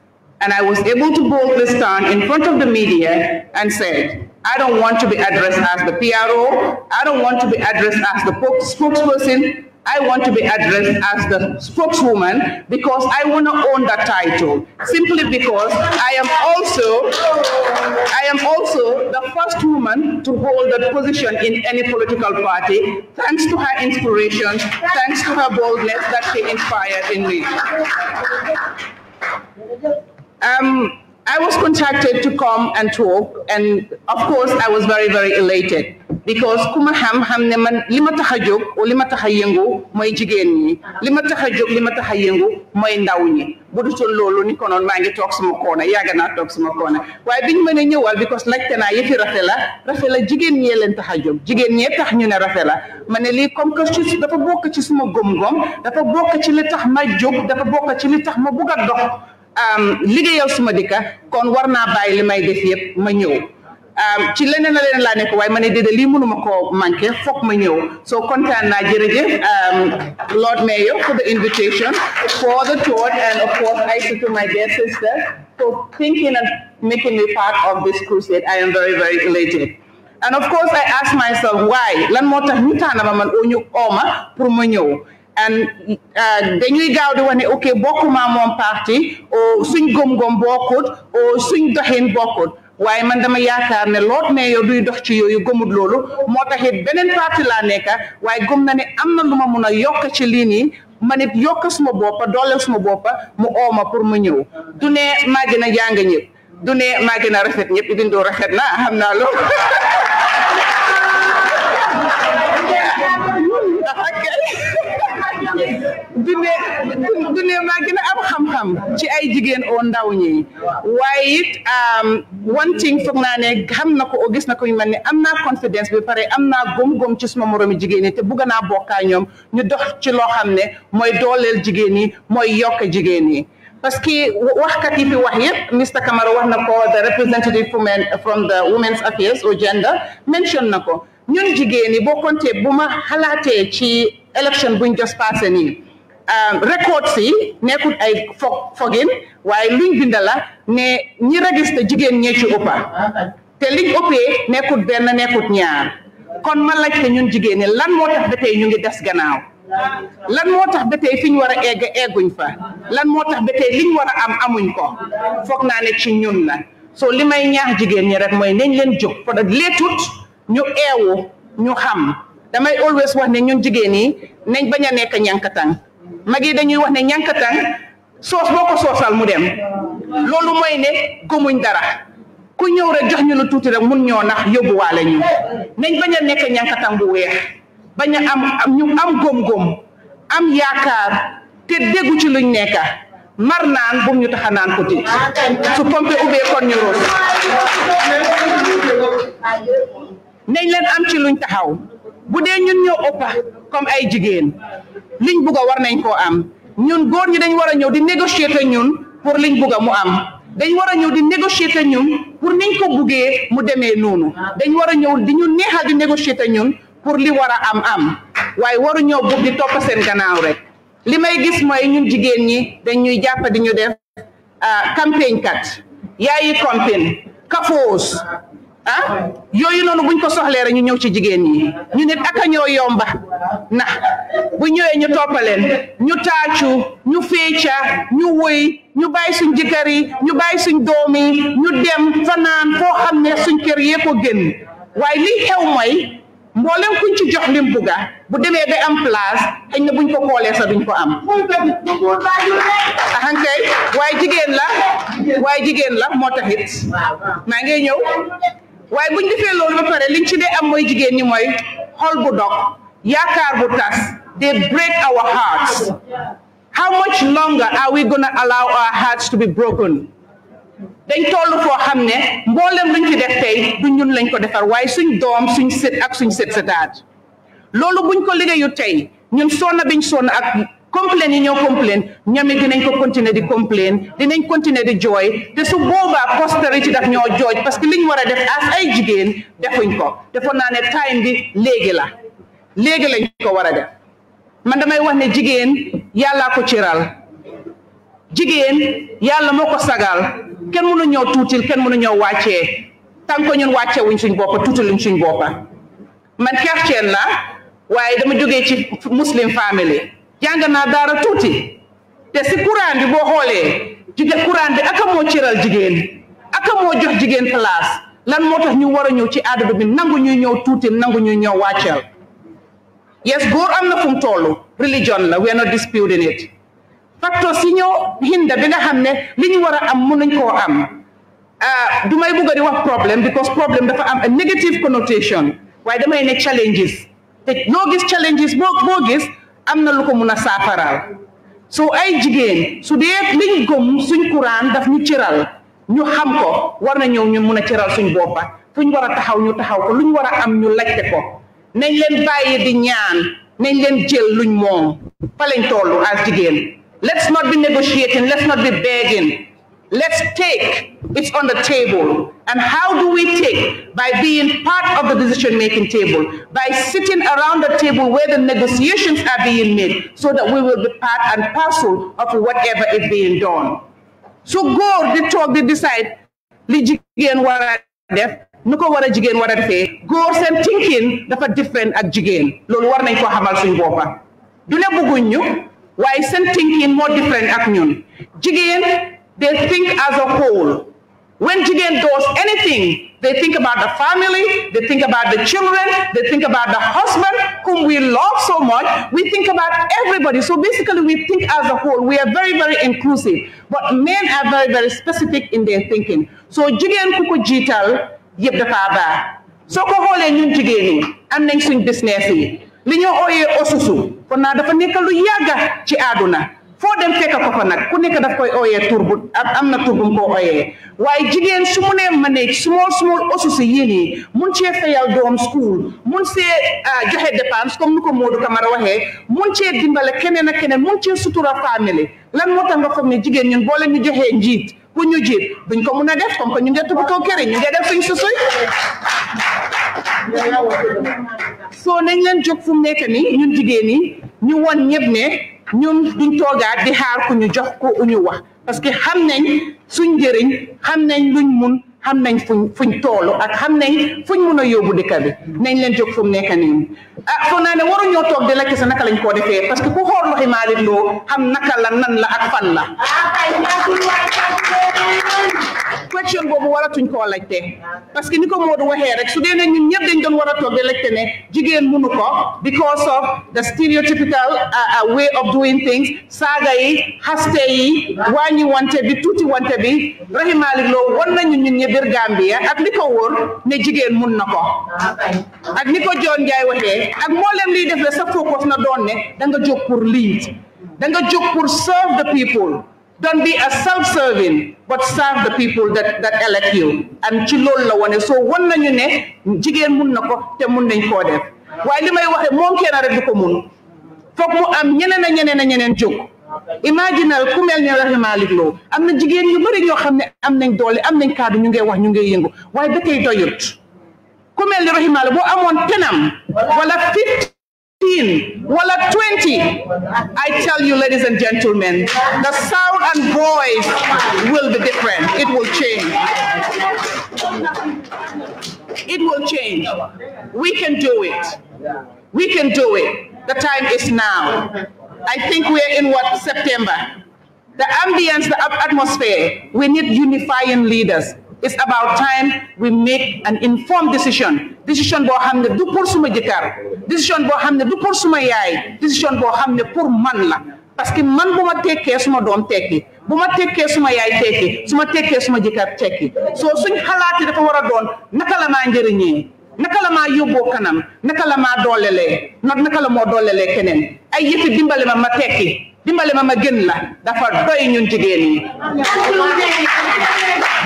and I was able to boldly stand in front of the media and said, I don't want to be addressed as the PRO, I don't want to be addressed as the spokesperson, I want to be addressed as the spokeswoman because I want to own that title. Simply because I am also, I am also the first woman to hold that position in any political party, thanks to her inspiration, thanks to her boldness that she inspired in me. Um, I was contacted to come and talk, and of course, I was very, very elated because kuma xam xam ne man li ma tax a jóg li ma tax a yëngu mooy jigéen ñi li ma tax a jóg ndaw ñi bu dutoon loolu ni ko noonu maa ngi toog sama koona yàgg naa toog sama koona waaye biñ mën a ñëwal because laajte naa yëfi rafe la rafe la jigéen ñee leen tax a jóg jigéen ñee tax ñu ne rafe la ma ne lii comme que ci dafa bokk ci suma gom-gom dafa bokk ci li tax ma jóg dafa bokk ci li tax ma bugg dox um, liggéeyal suma dëkka kon war naa bàyyi li may def yëpp ma ñëw um, ci leneen la leneen laa nekk waaye ma ne déedéet lii mënuma koo manqué foog ma ñëw so kontaan naa jërëjëf um, Lord Mayor for the invitation for the tour and of course Aisha to my dear sister for thinking and making me part of this crusade I am very very elated and of course I ask myself why lan moo tax ñu tànn ma man oo ñu ooma pour ma ñëw and uh, dañuy gaaw di wane ok bokkuma moom parti suñ gom-gom bokkut suñ doxin bokkut waaye man dama yaakaar ne loot mais yow duy dox ci yooyu gëmut loolu moo taxit beneen parti laa nekka waaye gëm na ne am na lu ma mun a yokk ci lii nii ma nit yokk suma boppa dooleel suma boppa mu ooma pour mu ñëw du ne maa gën a jàng ñëpp du ne maa gën a rafet ñëpp ibindoo rafet na xam naa loolu (laughs) dune dune maa gën am xam-xam ci ay jigéen oo ndaw ñi waaye it um, one thing foog naa ne xam na ko o gis na ko ñu man ne am naa confidence bi pare am naa góom-góom ci suma moromi jigéen yi te bugg naa bokkaa ñoom ñu dox ci loo xam ne mooy dooleel jigéen yi mooy yokk jigéen yi parce que waxkat yi fi wax yëpp Mr Camara wax na ko the representative women from the women's affairs au gender mention na ko ñun jigéen yi boo compté bu ma xalaatee ci élection buñ jos passé nii Euh, records yi nekkut ay foog fogin waaye luñ binda la ne ñi registré jigéen ñee ci ëppa te liñ ëppee nekkul benn nekkut ñaar kon ma laajte ñun jigéen ñi lan moo tax ba ñu ngi des gannaaw lan moo tax ba tey fi ñu war a egg egguñ fa lan moo tax ba tey liñ war a am amuñ ko foog naa ne ci ñun la so li may ñaax jigéen ñi rek mooy nañ leen jóg peut être leetut ñu eewu ñu xam damay always wax ne ñun jigéen ñi nañ bañ a nekk ñankatang mag yi dañuy wax ne ñànkatan soos boo ko soosal mu dem loolu mooy ne gëmuñ dara ku ñëw rek jox ñu lu tuuti rek mun ñoo nax yóbbuwaale ñu nañ bañ a nekk ñànkatan bu weex bañ a am ñu am góom-góom am yaakaar te déggu ci luñ nekka mar naan bu ñu taxa naan ko ti su pompe ubbee kon ñu roos nañ leen am ci luñ taxaw bu dee ñun ñoo ëppa comme ay jigéen liñ bugg a war nañ koo am ñun góor ñi dañ war a ñëw di négocier te ñun pour liñ bugg mu am dañ war a ñëw di négocier te ñun pour niñ ko buggee mu demee noonu dañ war a ñëw di ñu neexal di négocier te ñun pour li war a am am waaye waru ñëw bugg di topp seen gannaaw rek li may gis mooy ñun jigéen ñi dañ ñuy di ñu def ah, campagne kat yaayi campagne kafoos ah yooyu noonu buñ ko soxlee rek ñu ñëw ci jigéen ñi ñu nit aka ñoo yomba na bu ñëwee ñu toppaleen ñu taacu ñu féeca ñu woy ñu bàyyi suñ jëkkër yi ñu bàyyi suñ doom ñu dem fanaan foo xam ne suñ kër yee ko génn waaye liy xew mooy mboolem kuñ ci jox lim bugga bu demee ba am place xëy na buñ ko koolee sa duñ ko am ahankay waaye jigéen la waaye jigéen la moo taxit maa ngi ñëw waaye bu ñu defee loolu ba pare liñ ci dee am mooy jigéen ñi mooy xol bu dox yaakaar bu tas they break our hearts how much longer are we gonna allow our hearts to be broken dañ toll foo xam ne mboolem luñ ci def tey du ñun lañ ko defar waaye suñ doom suñ sët ak suñ sët sëtaat loolu buñ ko liggéeyu tey ñun sonn biñ sonn ak complain yi ñoo complain ñoom it dinañ ko continuer di complain dinañ continuer di jooy te su boobaa postérité daf ñoo jooj parce que liñ war a def as ay jigéen defuñ ko defoon naa ne time bi léegi la léegi lañ ko war a def man damay wax ne jigéen yàllaa ko ciral jigéen yàlla moo ko sagal kenn mënu ñoo tuutil kenn mënu ñoo wàccee tant que ñun wàcce wuñ suñ boppa tuutiluñ suñ boppa man kerceen la waaye dama jógee ci muslim family jàng naa daara tuuti te si kuraan bi boo xoolee jigéen kuraan bi aka moo cëral jigéen aka moo jox jigéen place lan moo tax ñu war a ñëw ci aadada bi nangu ñuy ñëw tuuti nangu ñuy ñëw wàcceel yes góor am na fu mu toll religion la we are not disputing it facteurs yi ñëw hinda bi nga xam ne li ñu war a am mun nañ koo am ah, du may bugg a di wax problème because problème dafa am a negative connotation waaye damay ne challenges te noo gis challenges boo boo gis am na lu ko mun a saafaraal su ay jigéen su dee liñ gëm suñ kuraan daf ñu ciral ñu xam ko war na ñëw ñu mun a ciral suñ boppa fuñ war a taxaw ñu taxaw ko luñ war a am ñu lajte ko nañ leen bàyyi di ñaan nañ leen jël luñ moom fa lañ toll as jigéen let's not be negotiating let's not be begging Let's take it's on the table. And how do we take? By being part of the decision-making table, by sitting around the table where the negotiations are being made, so that we will be part and parcel of whatever is being done. So go, they talk, they decide, lijigen wara def, nuko wara jigen wara defe, go sen thinking dafa different at jigen. Lolu war nañ ko xamal suñ bopa. Du ne bëgguñ Why sen thinking more different at ñun. Jigen they think as a whole. When Jigen does anything, they think about the family, they think about the children, they think about the husband whom we love so much. We think about everybody. So basically, we think as a whole. We are very, very inclusive. But men are very, very specific in their thinking. So Jigen kuku jital yep the father. So ko hole ñun jigen ni am neng swing businessi. yi. oyé osusu kon fani dafa nekkal lu yàgga ci aduna. foo dem fekk ko fa nag ku nekk daf koy ooyee tur bu am na tur bu mu ko ooyee waaye jigéen su mu nee manage small small osusi yii nii mun cee fayal doom school mun see ah, joxe dépense comme nu ko Modou Camara waxee mun cee dimbale keneen ak keneen mun cee sutura famille lan moo tax nga foog ne jigéen ñun boo leen ñu joxee njiit ku ñu jiit duñ ko mun a def comme que ñu ngi toppatoo kër yi ñu ngi def suñ susuy soo nañ leen jóg fu mu nekk nii ñun jigéen ñi ñu won ñëpp ne ñun duñ toogaat di xaar ku ñu jox ko ñu wax parce que xam nañ suñ njëriñ xam nañ luñ mun xam nañ fuñ fuñ toolu ak xam nañ fuñ mun a yóbbu dëkk bi nañ leen jóg fu mu nekk nii ah foog naa ne waruñoo toog di la kese naka lañ koo defee parce que ku xool loxi Malick Lo xam naka la nan la ak fan la. Ah, question boobu waratuñ koo laajte parce que ni ko Modou waxee rek su dee ne ñun ñëpp dañ doon war a toog di laajte ne jigéen munu ko because of the stereotypical uh, uh, way of doing things saaga yi xaste yi wàññi wante bi tuuti wante bi rahimaalik loo won nañu ñun ñi biir Gambia ak li ko wóor ne jigéen mun na ko ak ni ko John Jaay waxee ak mboolem liy def la sa focus na doon ne da nga jóg pour lead da nga jóg pour serve the people don't be as self-serving but serve the people that that elect you and ci lool la wone soo won nañu ne jigéen mun na ko te mun nañ koo def waaye li may waxee moom kenn rek du ko mun foog mu am ñeneen a ñeneen a ñeneen jóg imaginal ku mel ne Rahima Malick Lo am na jigéen yu bëri ñoo xam ne am nañ doole am nañ kaddu ñu ngay wax ñu ngay yëngu waaye ba tey doyut ku mel ne Rahima la boo amoon tenam wala fit 15, well at 20. I tell you, ladies and gentlemen, the sound and voice will be different. It will change. It will change. We can do it. We can do it. The time is now. I think we're in what, September? The ambience, the atmosphere. We need unifying leaders. it's about time we make an informed decision décision boo xam ne du pour suma jëkkër décision boo xam ne du pour suma yaay décision boo xam ne pour man la parce que man bu ma tekkee suma doom tekki bu ma tekkee suma yaay tekki su ma tekkee suma jëkkër tekki soo suñ xalaati dafa war a doon naka la maa njëriñee naka la maa yóbboo kanam naka la maa doolelee naka la moo doolelee keneen ay yëfi dimbale ma ma tekki dimbale ma ma gën la dafa doy ñun jigéen ñi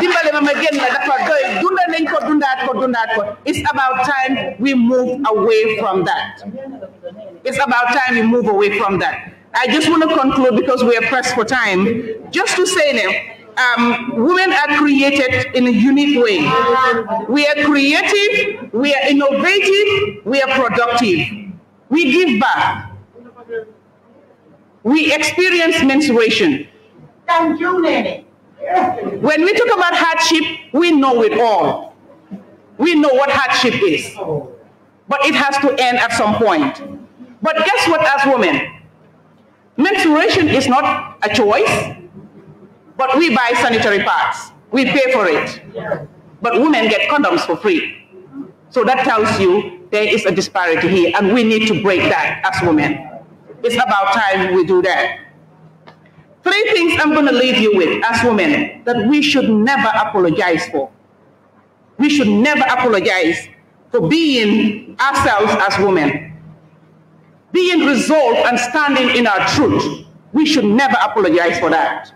it's about time we move away from that it's about time we move away from that I just want to conclude because we are pressed for time just to say now um, women are created in a unique way. We are creative, we are innovative, we are productive. We give back. We experience menstruation. Thank you, Nene. When we talk about hardship, we know it all. We know what hardship is. But it has to end at some point. But guess what, as women? Menstruation is not a choice, but we buy sanitary pads. We pay for it. But women get condoms for free. So that tells you there is a disparity here, and we need to break that as women. It's about time we do that. Three things I'm going to leave you with as women that we should never apologize for. We should never apologize for being ourselves as women. Being resolved and standing in our truth. We should never apologize for that.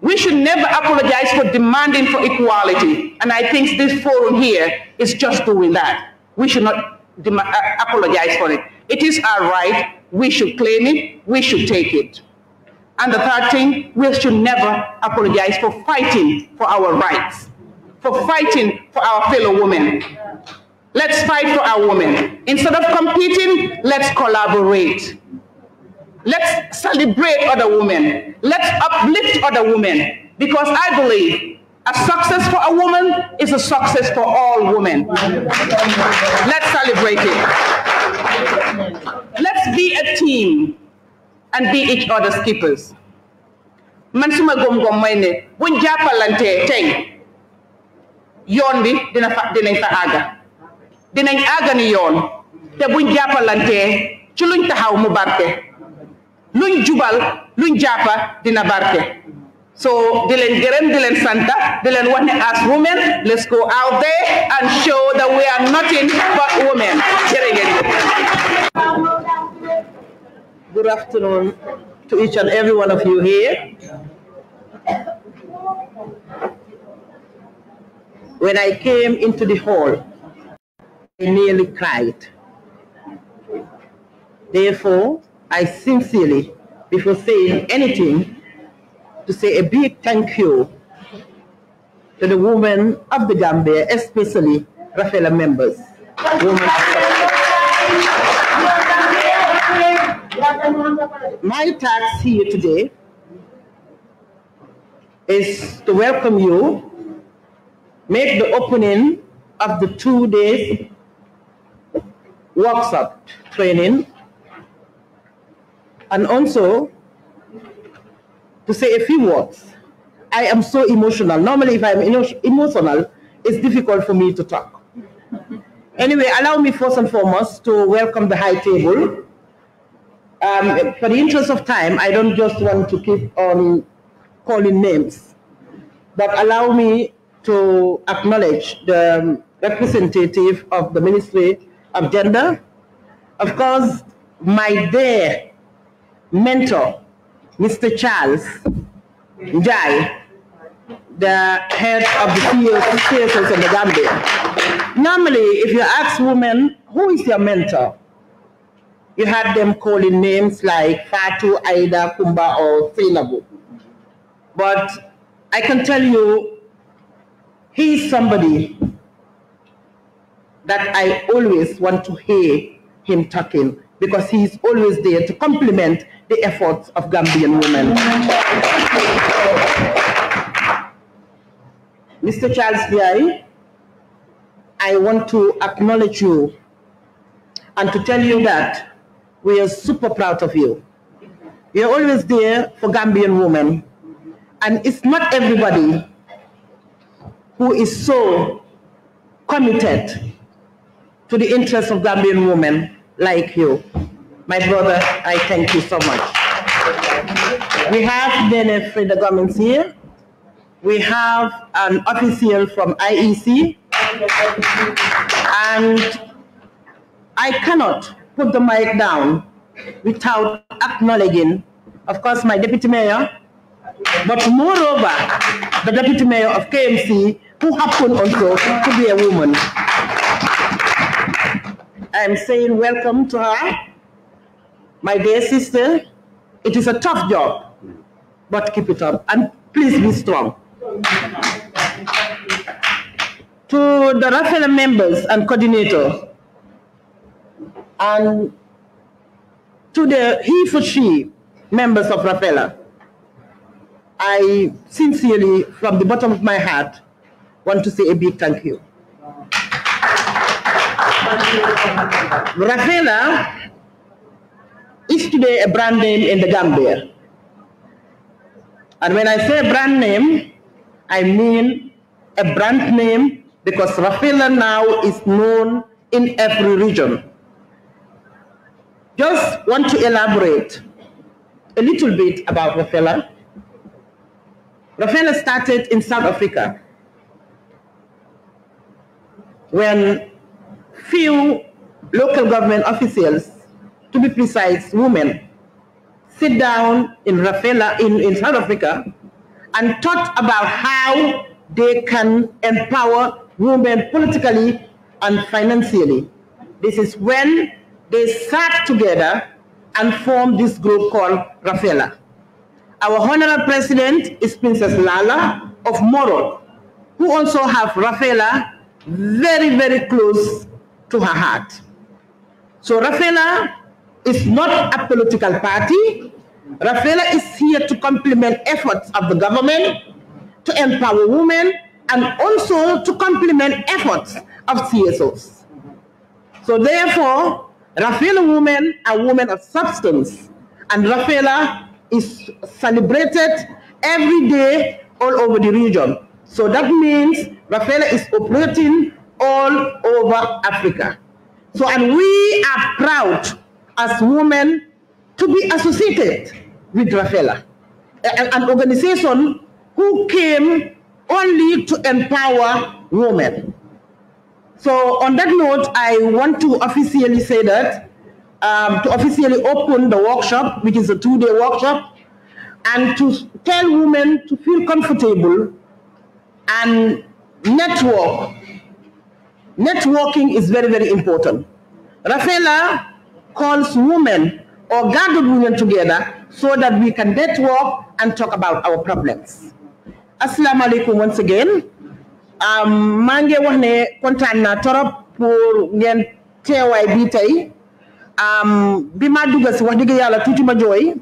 We should never apologize for demanding for equality. And I think this forum here is just doing that. We should not uh, apologize for it. It is our right. We should claim it. We should take it. And the third thing, we should never apologize for fighting for our rights, for fighting for our fellow women. Let's fight for our women. Instead of competing, let's collaborate. Let's celebrate other women. Let's uplift other women. Because I believe a success for a woman is a success for all women. Let's celebrate it. Let's be a team. and be each other's keepers man suma gom-gom mooy ne buñ jàppalante tey yoon bi dina fa dinañ fa àgga dinañ àgga ni yoon te buñ jàppalante ci luñ taxaw mu barke luñ jubal luñ jàppa dina barke so di leen gërëm santa leen leen wax ne as women let's go out there and show that we are nothing but women jërë ngeen good afternoon to each and every one of you here. When I came into the hall, I nearly cried. Therefore, I sincerely, before saying anything, to say a big thank you to the women of the Gambia, especially Rafaela members. Women My task here today is to welcome you, make the opening of the two days workshop training, and also to say a few words. I am so emotional. Normally, if I'm emotional, it's difficult for me to talk. Anyway, allow me first and foremost to welcome the high table um, for the interest of time, I don't just want to keep on calling names, but allow me to acknowledge the representative of the Ministry of Gender. Of course, my dear mentor, Mr. Charles Njai, the head of the CSOs of the Gambia. Normally, if you ask women, who is your mentor? You had them calling names like Fatu, Aida, Kumba, or Fainabu. But I can tell you, he's somebody that I always want to hear him talking because he's always there to complement the efforts of Gambian women. Mr. Charles Diari, I want to acknowledge you and to tell you that we are super proud of you. You're always there for Gambian women. And it's not everybody who is so committed to the interests of Gambian women like you. My brother, I thank you so much. We have Dene Freda Gomez here. We have an official from IEC. And I cannot put the mic down without acknowledging, of course, my deputy mayor, but moreover, the deputy mayor of KMC, who happened also to be a woman. I'm saying welcome to her, my dear sister. It is a tough job, but keep it up and please be strong. To the Rafael members and coordinator, and to the he for she members of Rafela, I sincerely, from the bottom of my heart, want to say a big thank you. Wow. Rafela is today a brand name in the Gambia. And when I say brand name, I mean a brand name because Rafela now is known in every region just want to elaborate a little bit about Rafela. Rafela started in South Africa when few local government officials, to be precise, women, sit down in Rafela in, in South Africa and talk about how they can empower women politically and financially. This is when they sat together and formed this group called Rafela. Our honorable president is Princess Lala of Morocco, who also have Rafela very, very close to her heart. So Rafela is not a political party. Rafela is here to complement efforts of the government, to empower women, and also to complement efforts of CSOs. So therefore, Rafaela woman, a woman of substance, and Rafaela is celebrated every day all over the region. So that means Rafaela is operating all over Africa. So, and we are proud as women to be associated with Rafaela, an organization who came only to empower women. So on that note, I want to officially say that, um, to officially open the workshop, which is a two-day workshop, and to tell women to feel comfortable and network. Networking is very, very important. Rafaela calls women or gathered women together so that we can network and talk about our problems. Assalamu alaikum once again. maa ngi wax ne kontaan naa torop pour ngeen teewaay bii tey bi ma dugg si wax dëgg yàlla tuuti ma jooy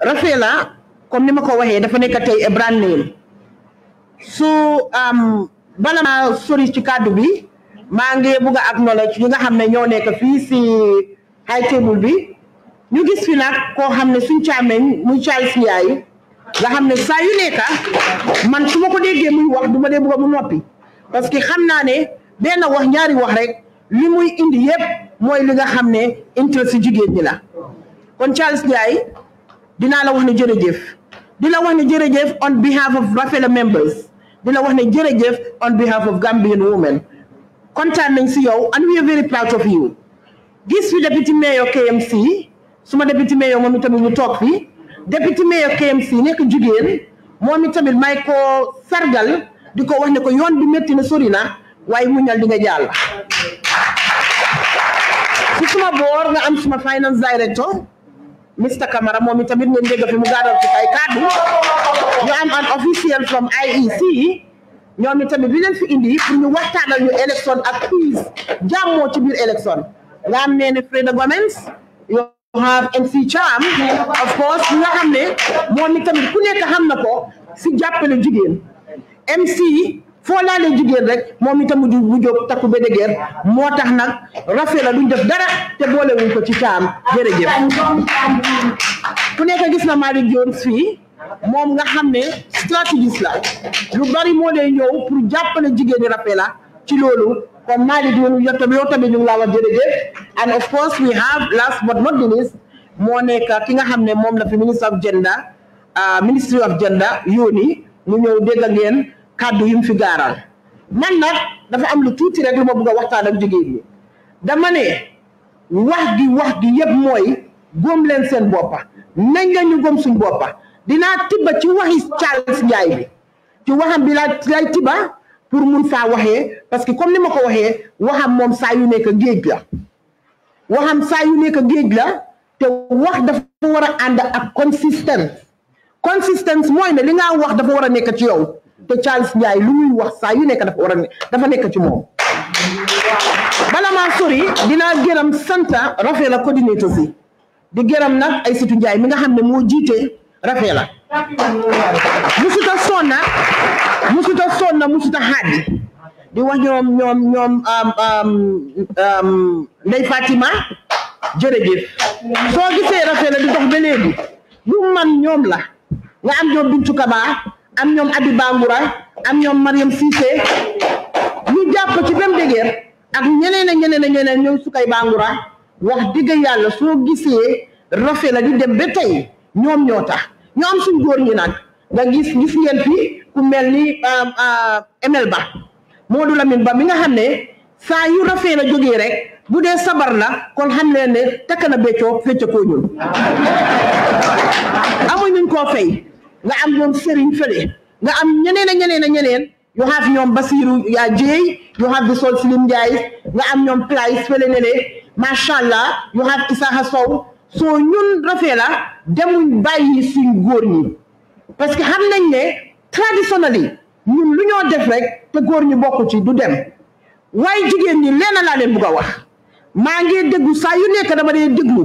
Rafela comme ni ma ko waxee dafa nekk tey a brand name su bala maa sori ci kàddu bi maa ngi bugg a acknowledge ñi nga xam ne ñoo nekk fii si high table bi ñu gis fi nag koo xam ne suñ caameñ mu caay si yaay nga xam ne saa yu nekka man su ma ko déggee muy wax du ma dee bëgg mu noppi parce que xam naa ne benn wax ñaari wax rek li muy indi yëpp mooy li nga xam ne intérêt si jigéen ñi la kon Charles Ndiaye dinaa la wax ne jërëjëf di la wax ne jërëjëf on behalf of Rafale members di la wax ne jërëjëf on behalf of Gambian women kontaan nañ si yow and we are very proud of you gis fi deputy mayor KMC suma deputy mayor moom itamit mu toog fi député mayor KMC nekk jigéen moom it tamit may ko sargal di ko wax ne ko yoon bi metti na sori na waaye mu ñal nga jàll. ci suma boor nga am suma finance director Mr Camara moom it tamit ngeen fi mu gaaral ci ay kàddu am an official from IEC ñoom it tamit bi leen fi indi pour ñu waxtaanal ñu élection ak puis jàmmoo ci biir élection nga am nee ne Freda Gomez. have and si caam of course nga xam ne moom it tamit ku nekk xam na ko si jàppale jigéen MC foo laalee jigéen rek moom itam mu mu jóg takku be dëgër moo tax nag rafet la duñ def dara te boolewuñ ko ci caam jërëjëf ku nekk gis na Malick Jones fii moom nga xam ne stratégie la lu bari moo lay ñëw pour jàppale jigéen ñi rafet la ci loolu kon from Mali and of course we have last but not the least moo nekk ki nga xam ne moom la fi ministre of gender uh, ministry of gender yóoni mu ñëw dégg ak yéen kàddu yi mu fi gaaral man nag dafa am lu tuuti rek moo ma bëgg a waxtaan ak jigéen dama ne wax gi wax gi yëpp mooy góom leen seen boppa nañ la ñu góom boppa dinaa tibba ci waxi Charles Ndiaye bi ci waxam bi lay tibba pour mun saa waxee parce que comme ni ma ko waxee waxam moom saa yu nekk géej la waxam saa yu géej la te wax dafa war a ànd ak consistance consistance mooy ne li nga wax dafa war a nekk ci yow te Charles Ndiaye lu muy wax saa yu nekk dafa war a dafa nekk ci moom. bala maa sori dinaa gërëm santa rafet la coordinateur bi di gërëm nag ay Aïssatou Ndiaye mi nga xam ne moo jiite. Rafaela. musuta sonna musuta sonna musuta haddi di wax ñoom ñoom ñoom Ndeye Fatima jërëjëf soo gisee Rafaela di dox ba léegi lu man ñoom la nga am ñoom Bintu Kaba am ñoom Abi Bangoura am ñoom Mariam Cissé ñu jàpp ci bem dëgër ak ñeneen ak ñeneen ak ñeneen ñoom Sukay Bangoura wax dëgg yàlla soo gisee Rafaela di dem ba tey ñoom ñoo tax ñu am suñ góor ñi naan nga gis gis ngeen fi ku mel ni um, uh, Emel Ba Modou Lamine Ba mi nga xam ne saa yu rafet la jóge rek bu dee sabar la kon xam leen ne na béccoo fecc koo ñun (laughs) amuñu koo fay nga am ñoom Serigne Fele nga am ñeneen a ñeneen a ñeneen you have ñoom Basiru yaa Jeey you have di Sol Slim Ndiaye nga am ñoom Place fele ne ne macha allah you have Isaaxa Sow soo ñun Rafela demuñ bàyyi suñ góor ñi parce que xam nañ ne traditionnally ñun lu ñoo def rek te góor ñi bokku ci du dem waaye jigéen ñi leena laa leen bugg a wax maa ngi déglu saa yu nekk dama dee déglu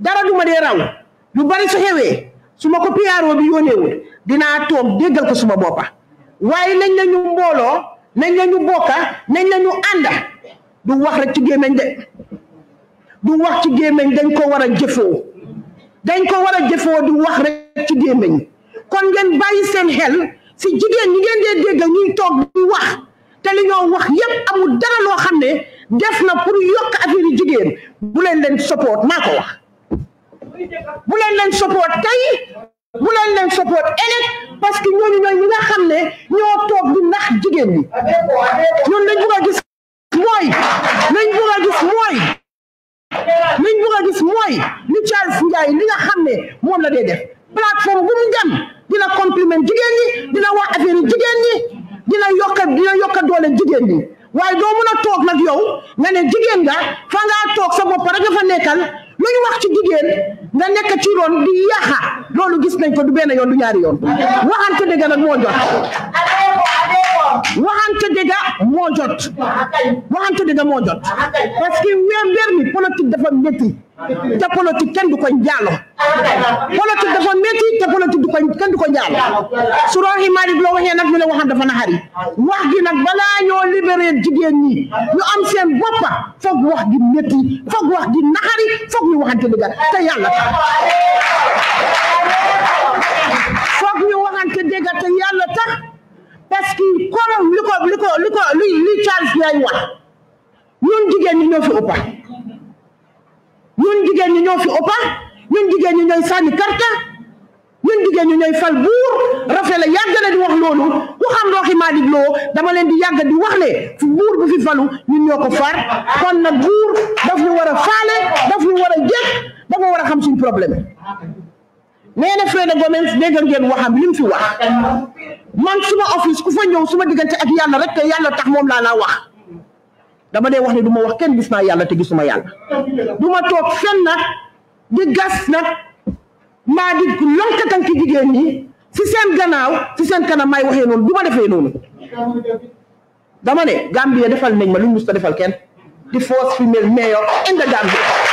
dara du ma dee raw lu bari su xewee su ma ko piyaaroo bi yónneewul dinaa toog déggal ko suma boppa waaye nañ la ñu mbooloo nañ la ñu bokka nañ la ñu ànda du wax rek ci gémmiñ de du wax ci gemeñ dañ ko wara jëfo dañ ko wara jëfo du wax rek ci gemeñ kon ngeen bayyi seen xel ci jigéen ñi ngeen dee dégg ñuy tok du wax té li ñoo wax yépp amu dara lo xamné def na pour yok affaire yi jigéen bu leen leen support mako wax bu leen leen support tay bu leen leen support ëllëg parce que ñoo ñoy ñi nga xamné ñoo tok du nax jigéen ñi ñun lañ bëgg a gis moy lañ bëgg a gis moy liñ bëgg a gis mooy li Charles Ndiaye li nga xam ne moom la dee def plateforme bu mu dina compliment jigéen ñi dina wax affaire yi jigéen ñi dina yokk dina yokk doole jigéen ñi waaye doo mën a toog nag yow nga ne jigéen nga fa ngaa toog sa bopp rek dafa nekkal lu wax ci jigéen nga nekk ci roon di yaxa loolu gis nañ ko du benn yoon du ñaari yoon waxante dëgg nag moo jot waxante dega moo jot waxante dëgg moo jot parce que weer weer mi politique dafa metti te politique ken du ko ndialo politique dafa metti te politique du ko ken du ko ndialo su doon mari bi la nak nag ñu ne waxam dafa naxari wax gi nak bala ño libéré jigen ni ñu am seen bopa foog wax gi metti foog wax gi naxari foog ñu waxante dëgg te yalla tax ñu waxante dëgg te parce comme lu ko lu ko lu ko lu lu Charles Diagne wax ñun jigéen ñi ñoo fi ëppa ñun jigéen ñi ñooy sànni karta ñun jigéen ñi ñooy fal buur rafet a yàgg di wax loolu ku xam Rohey Malick Lowe dama leen di yàgg di wax ne fu buur bu fi falu ñun ñoo ko far kon nag buur daf ñu war a faale daf ñu war a jëkk dafa war a xam suñu problème nee na Freda Gomez dégg ngeen waxam li mu fi wax man suma office ku fa ñëw suma diggante ak yàlla rek te yàlla tax moom laa laa wax dama dee wax ne du wax kenn gis naa yàlla te gisuma yàlla du ma toog fenn nag di gas nag maa di lonkatan ki jigéen ñi si seen gannaaw si seen kanam may waxee noonu du ma defee noonu dama ne Gambie defal nañ ma lu mu mus ta defal kenn di force female mayor in Gambie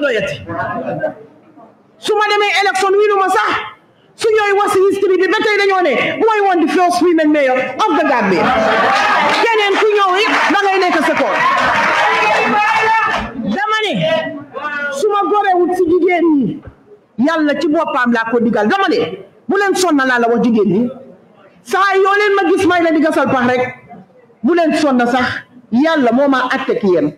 ma doyati su ma demee élection wii nu ma sax su ñooy wasi history bi ba tey dañoo ne mooy woon di first women mayor of the Gambia keneen ku ñëw yëpp da ngay nekk sa koor dama ne su ma gorewut si jigéen ñi yàlla ci boppam laa ko digal dama ne bu leen sonna laa la wax jigéen ñi saa yoo leen ma gis may leen di gasal pax rek bu leen sonna sax yàlla moo ma àtteeg yéen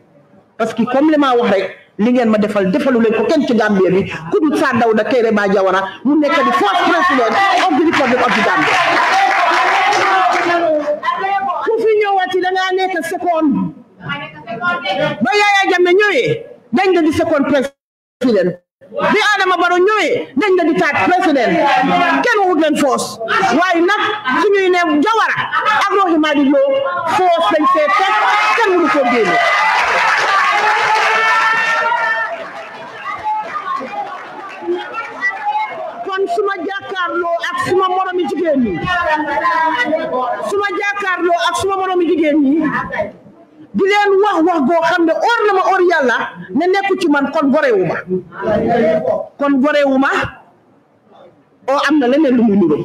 parce que comme li ma wax rek li ngeen ma defal defalu leen ko kenn ci Gambie bi ku dul Sir Dawda Kairaba Jawara mu nekk di first president of the Republic of the Gambia ku fi ñëwati da ba Yaya Jammeh ñëwee dañ la di second president bi Adama Barrow ñëwee dañ la di taat président kenn waxut leen force waaye nag suñuy ne Jawara ak Rohima di loo force dañ see teg kenn mënu koo génne jàkkaarloo ak suma moromi jigéen ñi suma jàkkaarloo ak suma moromi jigéen ñi di leen wax wax goo xam ne or na ma or yàlla ne nekku ci man kon gorewu ma kon gorewu ma oo oh, am na leen lu muy nuroo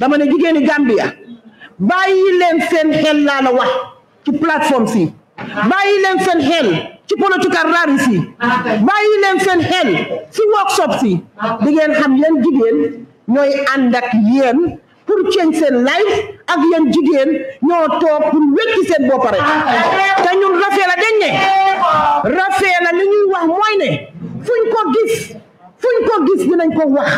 dama ne jigéeni Gambia bàyyi leen seen xel laa la wax ci plateforme si bàyyi leen seen xel ci political rari si bàyyi leen seen xel si workshop si di ngeen xam yan jigéen ñooy ànd ak yéen pour change seen life ak yéen jigéen ñoo toog pour wékki seen bopp rek te ñun Rafeela dañ ne Rafeela li ñuy wax mooy ne fuñ ko gis fuñ ko gis dinañ ko wax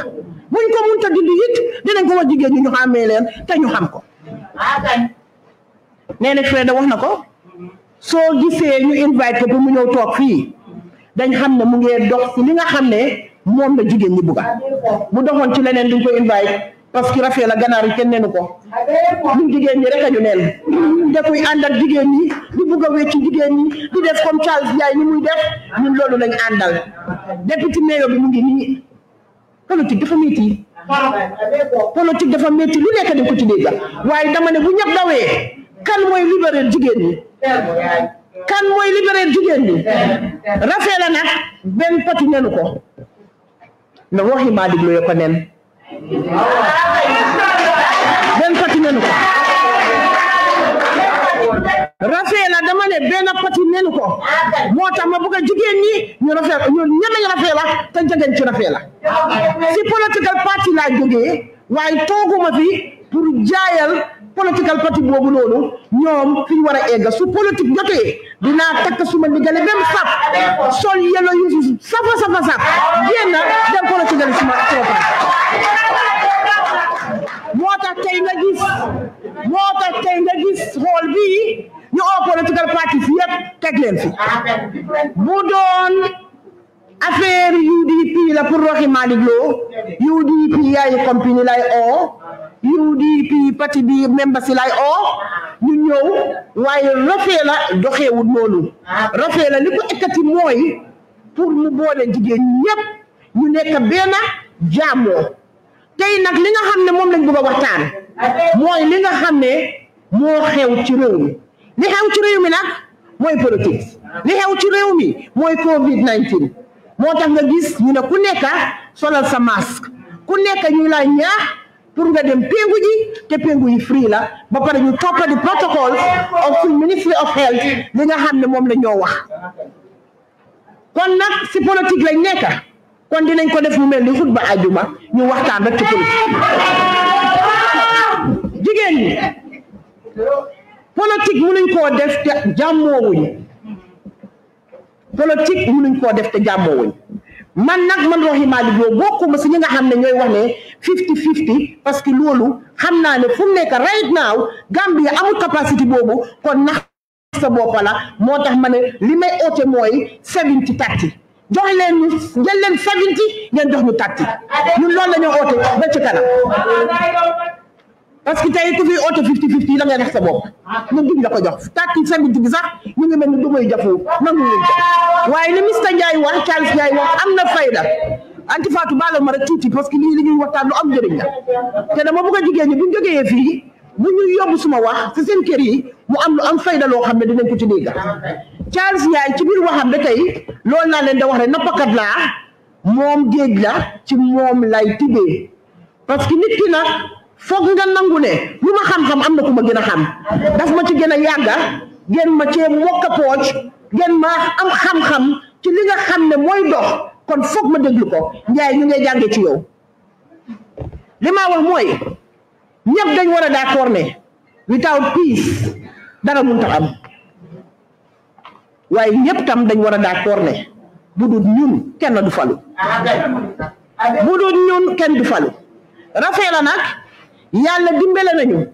buñ ko munta dindi it dinañ ko wax jigéen ñi ñu xàmmee leen te ñu xam ko nee na Freda wax na ko soo gisee ñu invite ko pour mu ñëw toog fii dañ xam ne mu ngee dox ci li nga xam ne moom la jigéen ñi bugga bu doxoon ci leneen duñ ko invite parce que rafet la ganaar yi kenn nenu ko ñun jigéen ñi rek a ñu neen dakuy ànd jigéen ñi di bugg a jigéen ñi di def comme Charles Ndiaye ni muy def ñun loolu lañ àndal député maire bi mu ngi nii politique dafa métti politique dafa métti lu nekk dañ ko ci dégg waaye dama ne bu ñëpp dawee kan mooy libérer jigéen ñi kan mooy libérer jigéen ñi rafet la nag benn pati nenu ko no wohi ma ligloyo ko nen ɓen pati nenu ko rafeel a dama ne benn pati nenu ko moo tax ma bëgg a jigéen ñi ñu rafeel ñu ñeme ñu rafeela te jegeñ ci rafeela si political party laa jógee waaye tooguma fi pour jaayal political parti boobu noonu ñoom fi ñu war a egg su politique jotee dinaa takk suma ndigale dem sap sol yelo yu safa safa sap génn dem politique suma suma moo tax tey nga gis moo tax tey nga gis ñu oo political parti fi yëpp teg leen fi bu doon affaire UDP la pour waxi Malick Lo UDP yaayu compagnie lay oo UDP parti bi members yi lay oo ñu ñëw waaye Rafeela doxewut noonu Rafeela li ko ekkati mooy pour mu boole jigéen ñëpp ñu nekk benn jaamoo tey nag li nga xam ne moom lañ bëgg a waxtaan mooy li nga xam ne moo xew ci réew mi li xew ci réew mi nag mooy politique li xew ci réew mi mooy Covid 19 moo tax nga gis ñu ne ku nekk solal sa masque ku nekk ñu la ñaax. pour nga dem péngu ji te péngu yi free la ba pare ñu toppa di protocol of suñ ministry of health li nga xam ne moom la ñoo wax kon nag si politique lañ nekk kon dinañ ko def mu mel ni xutba ajuma ñu waxtaan rek ci politique jigéen ñi politique mënuñ koo def te jàmmoowuñ politique mënuñ koo def te jàmmoowuñ man nag man Rohey Malick Lowe bokkuma si ñu nga xam ne ñooy wax ne fifty fifty parce que loolu xam naa ne fu mu nekk right now Gambia amul capacité boobu kon nax sa bopp la moo tax ma ne li may oote mooy seventy thirty jox leen ñu jël leen seventy ngeen jox ñu thirty ñun loolu la ñu oote ba ci parce que tey ku fi oote fifty fifty da ngay nax sa bopp ñun duñ ko jox tàkki seen digg sax ñu ngi mel ni du may nangu ñu jox waaye li Mr Ndiaye wax Charles Ndiaye wax am na fayda anti Fatou baalal ma rek tuuti parce que lii li ñuy waxtaan lu am njëriñ la te dama bëgg a jigéen ñi buñ jógee fii bu ñu yóbbu suma si seen kër yi am lu am fayda loo xam ne dinañ ko ci dégg Charles Ndiaye ci biir waxam da tey loolu laa leen da wax rek nappakat laa moom géej la ci moom lay tibee parce que nit ki nag foog nga nangu ne lu ma xam-xam am na ku ma gën a xam daf ma ci gën a yàgga gën ma cee mokk a gën ma am xam-xam ci li nga xam ne mooy dox kon foog ma déglu ko njaay ñu ngay jàngee ci yow li ma wax mooy ñëpp dañ war a d'accord ne without peace dara am waaye ñëpp tam dañ war a d'accord ne bu dul ñun kenn du falu bu dul ñun kenn du falu rafet nag yàlla dimbale nañu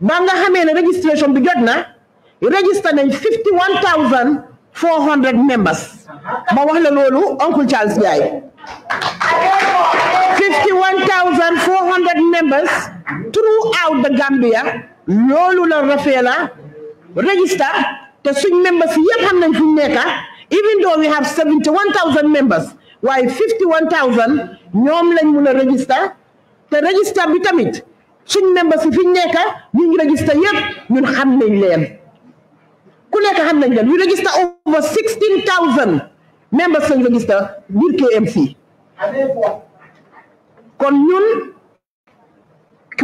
ba nga xamee ne registration bi jot na register nañ fifty one thousand four hundred members ma wax la loolu Uncle Charles Jaay fifty one thousand four hundred members throughout the Gambia loolu la Rafeela register te suñ members yëpp xam nañ fu ñu even though we have seventy one thousand members waaye fifty one thousand ñoom lañ mun register te register bi tamit suñ memba si fiñ nekka ñu ñu register yëpp ñun xam nañ leen ku nekk xam nañ leen ñu register over sixteen thousand members lañ register biir KMC kon ñun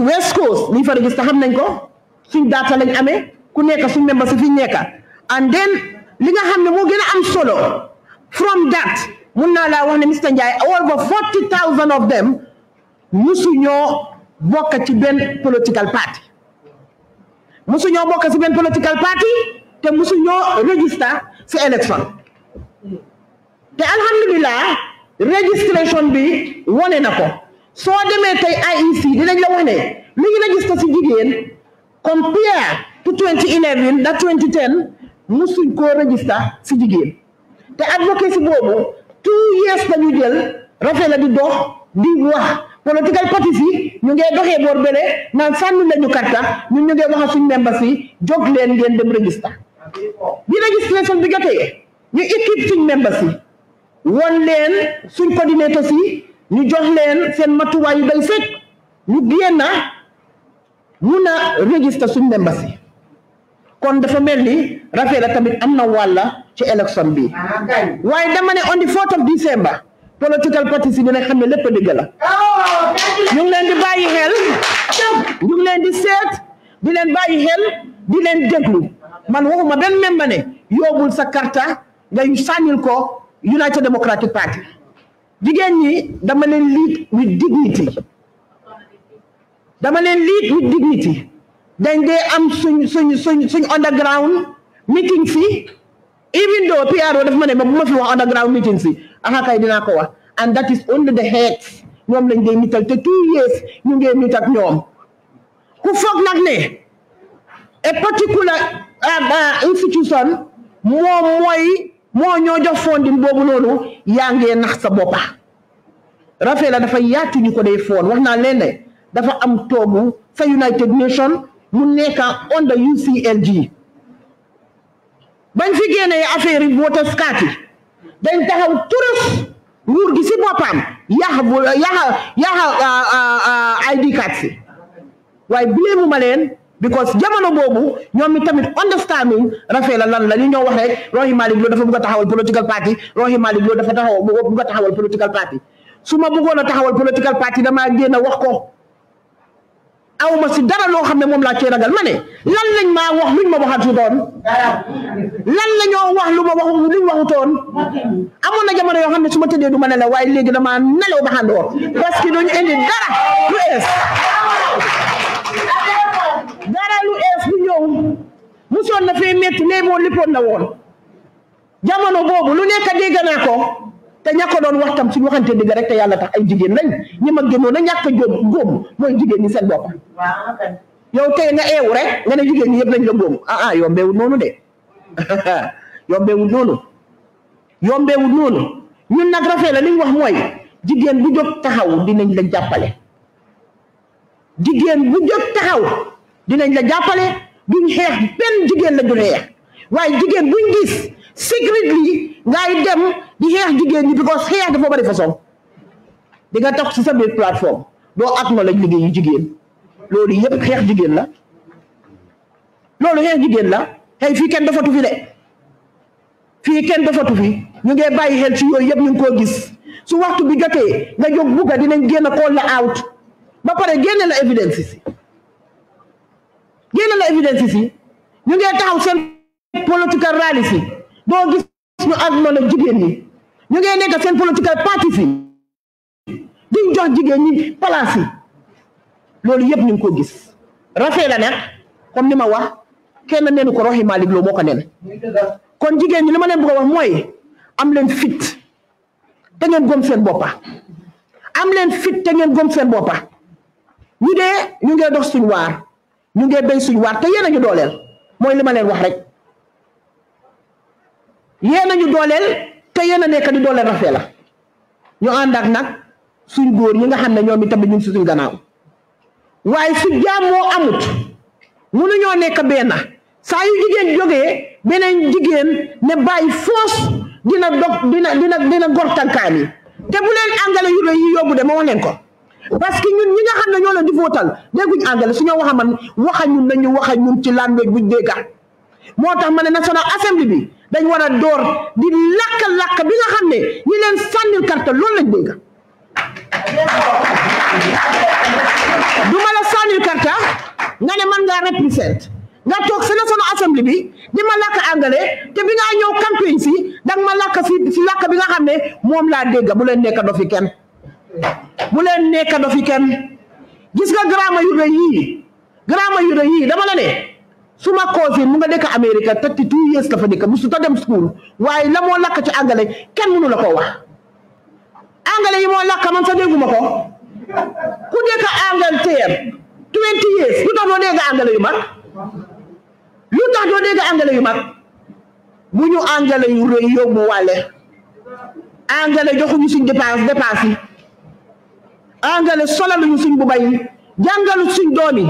West Coast liñ fa register xam nañ ko suñ data lañ amee ku nekk suñ memba si fiñ nekka and then li nga xam ne moo gën a am solo from that mun naa laa wax ne Mr Ndiaye over forty thousand of them musuñoo bokk ci benn political party musu ñoo bokk ci benn political party te musu ñoo register ci élection te alhamdulilah registration bi wane na ko soo demee tey IEC dinañ la wax ne li ñu register ci jigéen compare to 2011 da 2010 musuñ koo register ci jigéen te advocacy boobu two years dañu jël rafet la di dox di wax political parties yi ñu ngee doxee boor bële naan sànni lañu karta ñun ñu ngee wax a suñ members yi jóg leen ngeen dem register bi registration bi jotee ñu équipe suñ members yi woon leen suñ coordinators yi ñu jox leen seen matuwaay yu doy sëkk ñu génn mun a register suñ members yi kon dafa mel ni Rafeela tamit am na wàlla ci élection bi ah, waaye dama ne on the 4 of December political parties yi dina xam ne lépp dëgg la ñu ngi di bàyyi xel ñu ngi leen di seet di leen bàyyi xel di leen déglu man waxuma benn memba ne yóbbul sa karta nga sànnil ko United Democratic Party jigéen ñi dama leen lead with dignity dama leen lead with dignity dañ dee am suñ suñ suñ suñ underground meeting si even though PRO dafa ma ne ma bu ma wax underground meeting si aha kay dinaa ko wax and that is only the heads ñoom lañ dee nital te two years ñu ngee nit ñoom ku foog nag ne a particular uh, uh, institution moom mooy moo ñoo jox fondin boobu noonu yaa ngee nax sa boppa rafet la dafa yaatu ko dee foon wax naa leen ne dafa am toogu sa United Nations mu nekka under UCLG bañ fi génnee affaire yi voter card dañ taxaw turuf nguur gi si boppam yax bu yax yax ID card si waaye bileemu ma leen because jamono boobu ñoom mi tamit understanding rafet la lan la ñu ñoo wax rek Rohey Malick Lowe dafa bëgg a taxawal political party Rohey Malick Lowe dafa taxaw bëgg a taxawal political party su ma a taxawal political party damaa génn wax ko aw ma si dara loo xam ne moom laa cee ragal ma ne lan lañ maa wax luñ ma waxatutoon lan la ñoo wax lu ma wax luñ waxutoon amoon na jamono yoo xam ne su ma tëddee du ma nelaw waaye léegi damaa nelaw ba xàndoor parce que duñu indi dara lu ees dara lu ees lu ñëw musoon na fee métti léegi moom lippoon na woon jamono boobu lu nekk dégg naa ko. te ña ko doon wax tam suñu waxante dëgg rek te yàlla tax ay jigéen lañ ñi ma gënoon a ñàkk a góom góom mooy jigéen ñi seen bopp. yow tey nga eewu rek nga ne jigéen ñi yëpp lañ la góom ah, ah noonu de (laughs) yombeewul noonu yombeewul noonu ñun nag rafet la li wax mooy jigéen bu jóg taxaw dinañ la jàppale. jigéen bu jóg taxaw jàppale duñ xeex benn jigéen la du xeex waaye jigéen buñ gis secret li ngay dem. di xeex jigéen ñi because xeex dafa bari façon di nga tax si sa biir plateforme doo at ma jigéen loolu yëpp xeex jigéen la loolu xeex jigéen la xëy fii kenn dafatu fi de fii kenn dafatu fi ñu ngee bàyyi xel ci yooyu yëpp ñu ngi koo gis su waxtu bi jotee nga jóg bugga dinañ génn call la out ba pare génne la évidence si génne la évidence si ñu ngee taxaw seen political rally si doo gis ñu at jigéen ñi ñu ngi nekk seen political parties yi di jox jigéen ñi place yi loolu yëpp ñu ngi ko gis rafet la nag comme ni ma wax kenn nenu ko roxi Malick Lo moo kon jigéen ñi li ma leen bëgg a mooy am leen fit te ngeen gëm seen boppa am leen fit te ngeen gëm seen boppa ñu dee ñu ngee dox suñ waar ñu ngee béy suñ waar te yéen a ñu dooleel mooy li ma leen wax rek yéen a ñu dooleel te yéen a nekk di doole rafet la ñu ànd nag suñ góor ñi nga xam ne ñoom itamit ñu ngi si suñ gannaaw waaye su jàmmoo amut mënuñoo nekk benn saa yu jigéen jógee beneen jigéen ne bàyyi foos dina dog dina dina dina gor tànkaam yi te bu leen engrais yu yi yóbbu de ma wax leen ko parce que ñun ñi nga xam ne ñoo leen di fóotal dégguñ engrais su ñoo waxa man waxa ñun nañu waxa ñun ci language buñ dégga moo tax ma ne national assembly bi dañ war a door di lakk lakk bi nga xam ne ñi leen sànnil carte loolu lañ bëgg du ma la sànnil carte nga ne man ngaa représente nga toog si national assembly bi di ma lakk angale te bi ngaa ñëw campagne si danga ma lakk si si lakk bi nga xam ne moom laa dégg bu leen nekk do fi kenn bu leen nekk do fi kenn gis nga graama yu rëy yii graama yu rëy yii dama la ne su suma cousin mu nga nekk America thirty two years la fa nekk musuta dem school waaye la moo lakk ci angale kenn mënu la koo wax angale yi moo lakk man sa dégguma ko ku nekk Angleterre twenty years lu tax doo dégg angale yu mag lu tax doo dégg angale yu mag mu ñu angale yu rëy yóbbu wàlle angale joxuñu suñ dépense dépense yi angale solaluñu suñ bu bay jàngalu suñ doom yi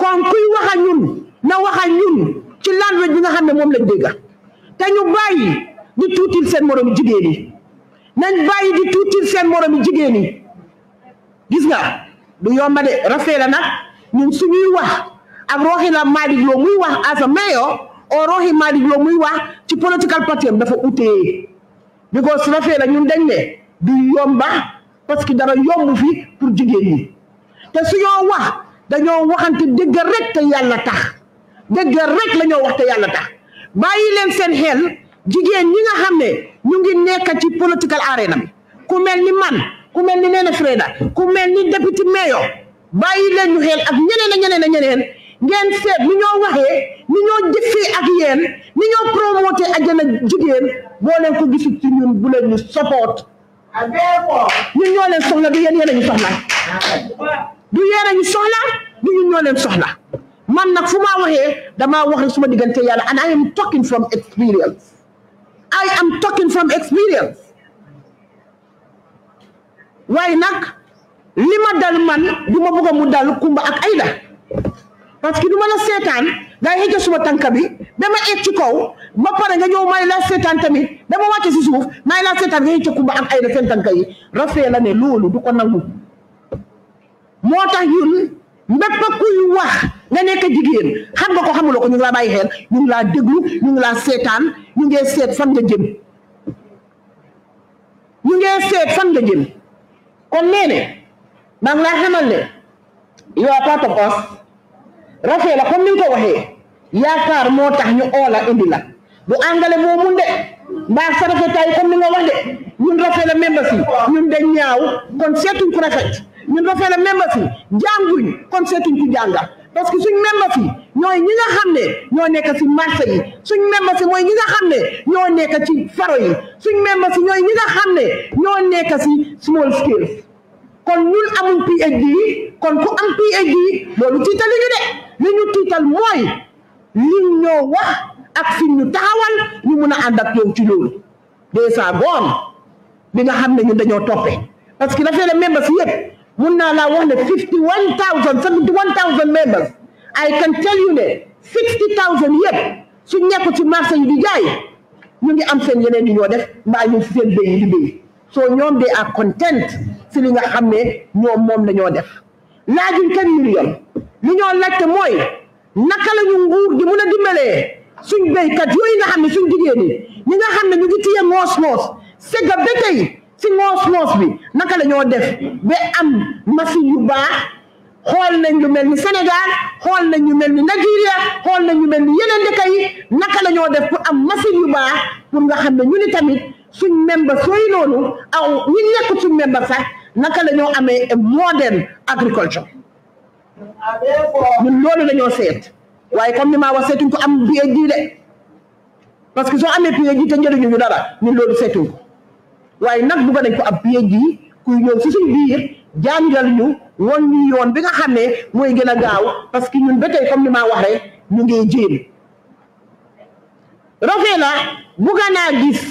kon kuy wax na wax ak ñun ci langue bi nga xam ne moom lañ dégg te ñu bàyyi di tuutil seen moroom jigéen yi nañ bàyyi di tuutil seen moroom jigéen yi gis nga du yomba de rafet la nag ñun suñuy wax ak roxi la Malick muy wax as a mayor oo roxi Malick muy wax ci political party am dafa utee because rafet la ñun dañ ne du yomba parce que dara yomb fi pour jigéen ñi te suñoo wax dañoo waxante dëgg rek te yàlla tax dëgg rek la ñoo wax te yàlla tax bàyyi leen seen xel jigéen ñi nga xam ne ñu ngi nekk ci political arena bi ku mel ni man ku mel ni Nene Freda ku mel ni député yoo bàyyi leen ñu xel ak ñeneen a ñeneen a ñeneen ngeen seet ni ñoo waxee ni ñoo jëfee ak yéen ni ñoo promoté ajana jigéen boo leen ko gisul ci ñun bu leen ñu support ñun ñoo leen soxla du yéen yéen a ñu soxla du a ñu ñoo leen soxla man nag fu ma waxee damaa wax rek suma diggante yàlla and I am talking from experience I am talking from experience waaye nag li ma dal man du ma bëgg mu dal Kumba ak Ayda parce que du ma la seetaan nga xëcc suma tànka bi dama egg ci kaw ba pare nga ñëw may la seetaan tamit dama wàcce si suuf may la seetaan nga xëcc Kumba ak Ayda seen tànka yi rafet la ne loolu du ko nangu moo tax ñun bépp kuy wax nga nekk jigéen xam nga ko xamuloo ko ñu ngi laa bàyyi xel ñu ngi laa déglu ñu ngi laa seetaan ñu ngee seet fan nga jëm seet fan nga kon nee ne maa ngi laa xamal ne yow a part of us rafet la comme ni nga ko waxee yaakaar moo tax ñu oola indi la du angale boo mun de mbaa sa rafetaay comme ni nga wax de ñun rafet la membres yi ñun dañ ñaaw kon seetu ku rafet ñun dafay ne membres yi jànguñ kon seetuñ ku jànga parce que suñ membres yi ñooy ñi nga xam ne ñoo nekk ci marché yi suñ membres mooy ñi nga ne ñoo nekk ci faro yi suñ membres yi ñooy ñi nga xam ne ñoo nekk si small scale kon ñun amuñ PhD kon ku am PhD lu tiital ñu de li ñu tiital mooy li ñoo wax ak fi ñu taxawal ñu mun a ànd ak yow ci loolu dee saa goon bi nga xam ne ñun dañoo toppe parce que dafay ne membres yëpp mun naa laa wax ne fifty one thousand seventy one thousand members I can tell you ne sixty suñ yëpp su nekk ci marché yi di jaay ñu ngi am seen yeneen yu ñoo def mbaa ñu si seen béy di béy soo ñoom de are content si li nga xam ne ñoom moom la ñoo def laajuñ kenn million li ñoo laajte mooy naka la ñu nguur di mun a dimbalee suñ béykat yooyu nga xam ne suñ jigéen ñi ñi nga xam ne ñu ngi téye moos moos sëgga ba tey si moos-moos bi naka lañoo def ba am machine yu baax xool nañ lu mel ni Sénégal xool nañ ñu mel ni Nigeria xool nañ ñu mel ni yeneen dëkk yi naka la ñoo def pour am machine yu baax pour nga xam ne ñu ni tamit suñ memba sooy noonu aw ñu nekk suñ memba sax naka la ñoo amee modern agriculture ñun loolu la ñoo seet waaye comme ni maa wax seetuñ ko am PhD de parce que soo amee PhD te njëriñu ñu dara ñun loolu seetuñ waaye nag bugg nañ ko ab pied ji kuy ñëw si suñ biir jàngal ñu won ñu yoon bi nga xam ne mooy gën a gaaw parce que ñun ba tey comme ni maa wax rek ñu ngi jéem rafet la naa gis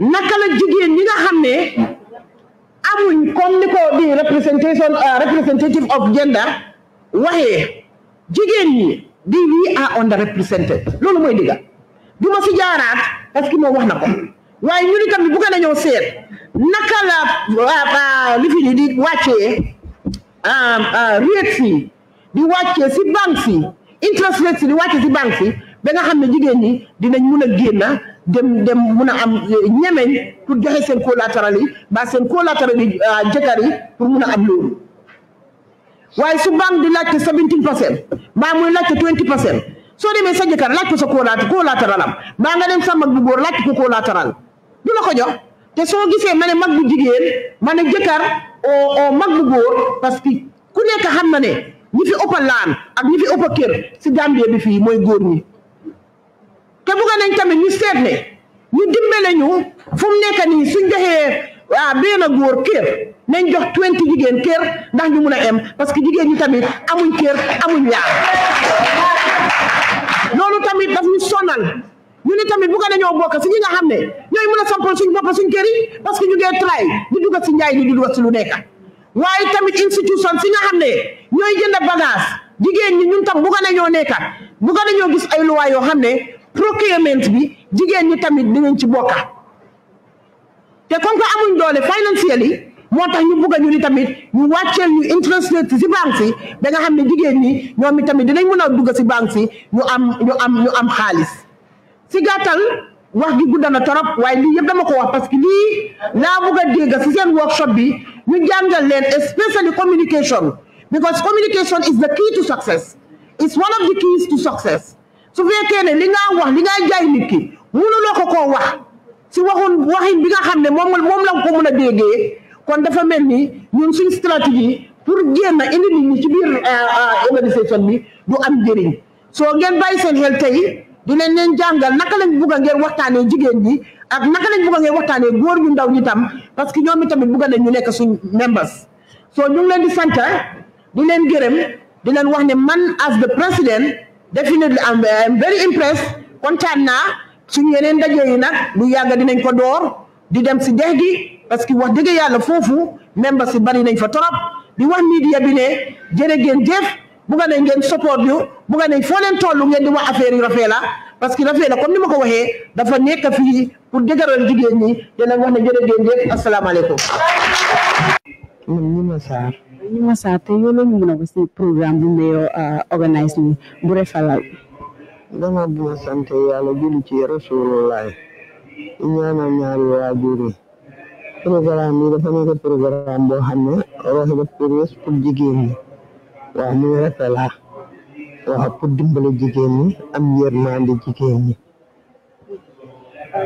naka la jigéen ñi nga xam ne amuñ comme ni ko di représentation euh, representative of gender waxee jigéen ñi di we are underrepresented loolu mooy digga du ma si jaaraat parce que moom wax na ko waaye ñu ni tamit bu gën a ñëw seet naka la ah, ah, li fi ni di wàccee ah, rates yi di wàccee si banques yi interest rates yi di wàccee si banques yi ba nga xam ne jigéen ñi dinañ mun a génna dem dem mun a am eh, ñemeñ pour joxe seen collatéral yi ba seen collatéral yi jëkkër yi pour mun a am loolu waaye su banque di laajte seventeen percent mbaa muy laajte twenty percent soo demee sa jëkkër laaj ko sa collatéral am mbaa nga dem sa mag bu góor laaj ko collatéral du la jox te soo gisee ma ne mag bu jigéen ma ne jëkkër o mag bu góor parce que ku nekk xam na ne ñi fi ëpp laan ak ñi fi ëpp kër si Gambie bi fii mooy góor ñi te bëgg nañ tamit ñu seet ne ñu dimbale ñu fu mu nekk nii suñ joxee waaw benn góor kër nañ jox twenty jigéen kër ndax ñu mun a em parce que jigéen ñi tamit amuñ kër amuñ yaar loolu tamit daf ñu sonal ñu ni tamit bu ko dañoo bokk si ñi nga xam ne ñooy mën a sampal parce que ñu ngee tray di dugg si njaay di dugg si lu nekk waaye tamit institution si nga xam ne ñooy jënd bagage jigéen ñi ñun tam bu ko dañoo nekkat bu ko dañoo gis ay luwaa yoo xam ne procurement bi jigéen ñi tamit dinañ ci bokka te comme que amuñ doole financier yi moo tax ñu bugg a ni tamit ñu wàcceel ñu interest rate si banque si da nga xam ne jigéen ñi ñoom i tamit dinañ mën a dugg si bank si ñu am ñu am ñu am xaalis si gàttal wax gi gudd na torop waaye lii yëpp dama ko wax parce que lii laa bëgg a dégg si seen workshop bi ñu jàngal leen especially communication because communication is the key to success it's one of the keys to success su fekkee ne li nga wax li ngaa jaay nit ki mënuloo ko koo wax si waxun waxin bi nga xam ne moom moom la ko mën a déggee kon dafa mel ni ñun suñ stratégie pour génn indi nit ñi ci biir euh, euh, organisation bi du am njëriñ soo ngeen bàyyi seen xel dinañ leen jàngal naka lañ bugg a ngeen waxtaanee jigéen ñi ak naka lañ bugg a ngeen waxtaanee góor ñu ndaw ñi tam parce que ñoom itamit bugg nañ ñu nekk suñ members soo ñu leen di sant di leen gërëm di leen wax ne man as the president definitely am am very impressed kontaan naa suñu yeneen ndaje yi nag lu yàgg dinañ ko door di dem si dex gi parce que wax dëgg yàlla foofu members yi bari nañ fa torop di wax media bi ne jërë ngeen jëf bu nga ne ngeen support yu bu nga ne fo len tollu ngeen di wax affaire yi rafela parce que rafela comme nima ko waxe dafa nek fi pour dëgëral jigéen ñi dinañ wax ne jërëjëf yëpp asalaamaaleykum. man ñu ma sa ñu ma te yow la ñu ko ci programme ah, bu ñu organize ni bu refalal. dama bu sante yalla julli ci rasulullah ñaanal ñaari waajur yi programme yi dafa nek programme bo xamne ne pour jigen ni waaw muy rafela waaw pour dimbale jigéen ñi am yërmande jigéen ñi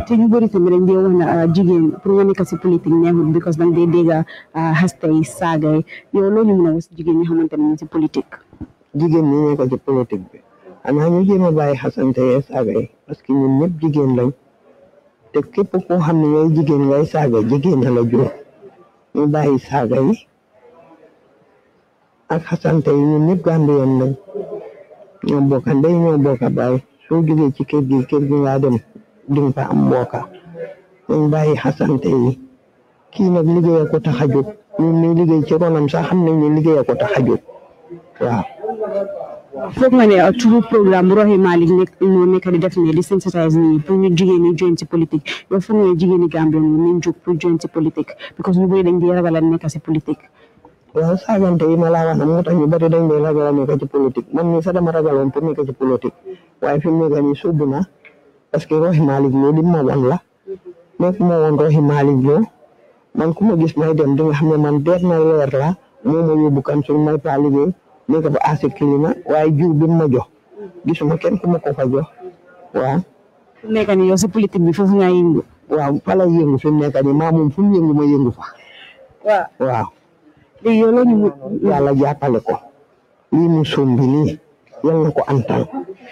te ñu bëri tamit dañ dee ah, jigéen pour nga nekk si politique neexut because dañ dee dégg ah, xastay saagay yow loolu mën a wax jigéen ñi xamante ne ci politique jigéen ñi nekk ci politique bi xanaa ñu jéem parce que ñun ñëpp jigéen lañ te képp koo xam ne jigéen ngay saaga jigéen la la jur ñu bàyyi ak xasante yi ñun ñëpp gambien lañ ñoo bokka ndey ñoo bokka baay soo jógee ci kër gi kër gi ngaa dem dinga fa am mbokka nañ bàyyi xasante yi kii nag liggéey ko tax a jóg ñun ñu liggéey ci ronam sax xam nañ ñu liggéey ko tax a jóg waaw foog nga ne euh, turu programme bu Rohey Malick nekk moo nekk di def ne di sensitise nii pour ñu jigéen ñi join ci politique yow foog nga ne jigéen ñi Gambie ñu jóg pour join ci politique because waaw saagante yi ma laa wax nag moo tax ñu bëri dañ lay ragal nekk ci politique man mii sax dama ragaloon pour nekk ci politique waaye fi mu nekk nii suub na parce que roxi Malick loo li ma la nekk ma woon roxi Malick loo man ku gis may dem di nga xam ne man deet na leer la moo ma yóbbu kan suñ may paa liggéey nekk ba asset climat waaye jiw bi ma jox gisuma kenn ku ma fa jox waaw fi yëngu waaw fa la yëngu maa moom fu yëngu ma yëngu fa waaw yàlla ñu yàlla jàppale ko lii mu sumbi nii yàlla ko antal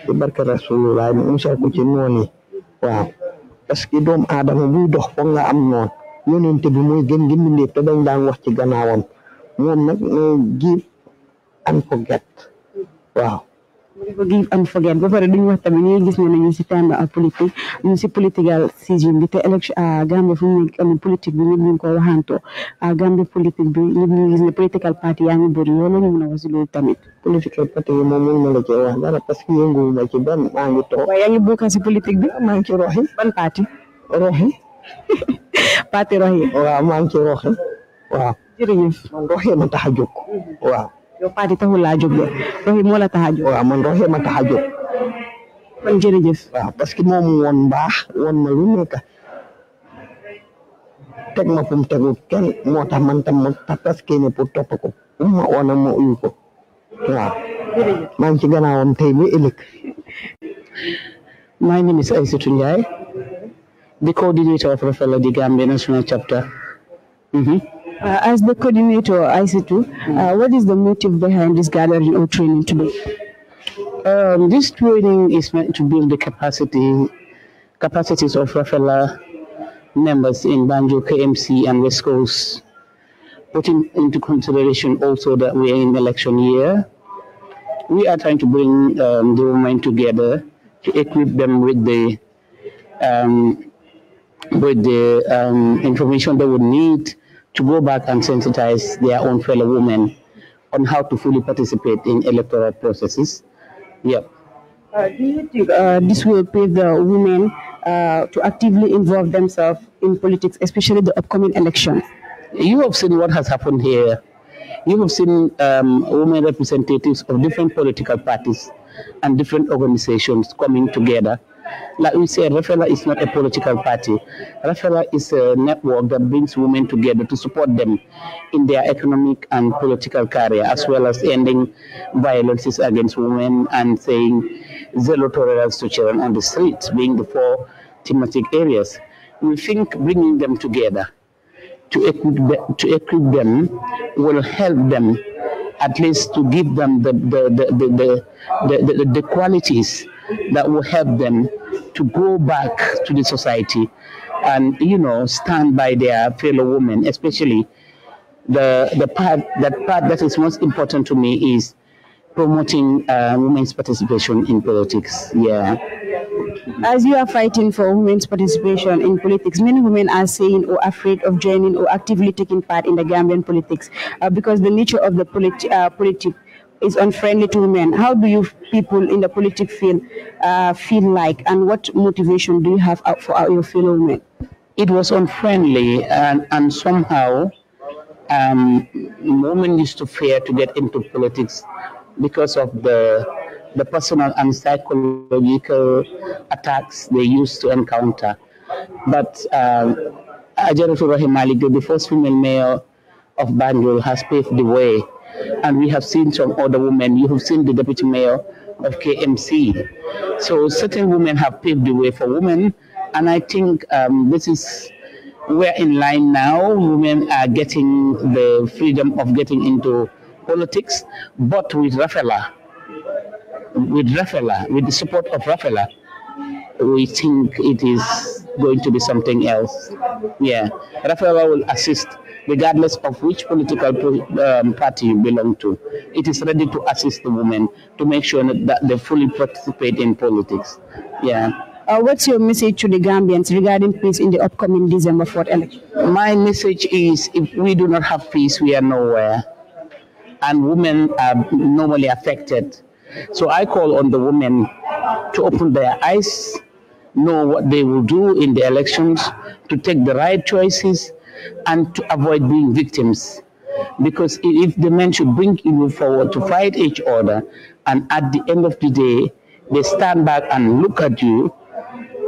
ci barke rasulullah mu musal ko ci noonu waaw parce que doomu aadama buy dox foog nga am noon yonent bi mooy gën gi mbindeef te dañ daan wax ci gannaawam moom nag eh, give and forget waaw dafa gi am fogeet ba pare duñu wax tamit ñuy gis ne nañu si tànn ak politique ñu si political season bi te élection à Gambie fu mu nekk am politique bi ñu ngi ko waxaantoo à Gambie politique bi ñëpp ñu gis ne political party yaa ngi bëri yow ñu mën a wax si loolu tamit political party yi moom mun ma la cee wax dara parce que yënguwuma ci benn maa ngi si politique bi maa ngi ci roxi ban parti roxi (laughs) parti roxi waaw maa ngi ci roxi waaw jërëjëf man tax a jóg mm-hmm. waaw yow Pathé taxul laa jóg de Rohit moo la tax a jóg. ma tax a jóg. parce que moom woon baax woon ma lu nekk teg ma fu tegu kenn moo tax man tam ma tapas kenn pour topp ko um ma woon ma uyu ko waaw. maa ngi ci gannaawam tey ba ëllëg. My name is Aissatou Njie, the coordinator of Rafale the Gambia National Chapter. Mm-hmm. Uh, as the coordinator of IC2, uh, what is the motive behind this gathering or training today? Um, this training is meant to build the capacity capacities of Rafala members in Banjo, KMC, and West Coast, putting into consideration also that we're in election year. We are trying to bring um, the women together to equip them with the um, with the um, information they would need to go back and sensitize their own fellow women on how to fully participate in electoral processes. Yeah. Uh, do you think uh, this will pave the women uh, to actively involve themselves in politics, especially the upcoming election? You have seen what has happened here. You have seen um, women representatives of different political parties and different organizations coming together like we said, Rafela is not a political party. Rafela is a network that brings women together to support them in their economic and political career, as well as ending violences against women and saying zero tolerance to children on the streets, being the four thematic areas. We think bringing them together to equip, to equip them will help them at least to give them the, the, the, the, the, the, the, the qualities that will help them to go back to the society and you know stand by their fellow women especially the the part that part that is most important to me is promoting uh, women's participation in politics yeah as you are fighting for women's participation in politics, many women are saying or afraid of joining or actively taking part in the Gambian politics uh, because the nature of the politi- uh, politi- is unfriendly to women. How do you people in the political field uh, feel like, and what motivation do you have for your fellow women? It was unfriendly, and, and somehow um, women used to fear to get into politics because of the the personal and psychological attacks they used to encounter. But um, Ajaratu Rahim Ali, the first female mayor of Banjul, has paved the way and we have seen some other women. You have seen the deputy mayor of KMC. So certain women have paved the way for women. And I think um, this is, we're in line now. Women are getting the freedom of getting into politics. But with Rafaela, with Rafaela, with the support of Rafaela, we think it is going to be something else. Yeah, Rafaela will assist regardless of which political um, party you belong to. It is ready to assist the women to make sure that they fully participate in politics. Yeah. Uh, what's your message to the Gambians regarding peace in the upcoming December 4th election? My message is if we do not have peace, we are nowhere. And women are normally affected. So I call on the women to open their eyes, know what they will do in the elections, to take the right choices, and to avoid being victims. Because if the men should bring you forward to fight each other, and at the end of the day, they stand back and look at you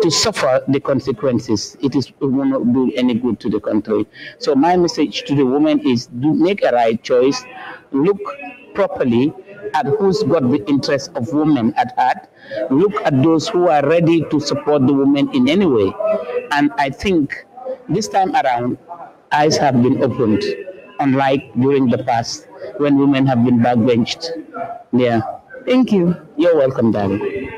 to suffer the consequences. It is it will not do any good to the country. So my message to the woman is: do make a right choice, look properly at who's got the interest of women at heart. Look at those who are ready to support the women in any way. And I think this time around, eyes have been opened, unlike during the past when women have been backbenched. Yeah. Thank you. You're welcome, darling.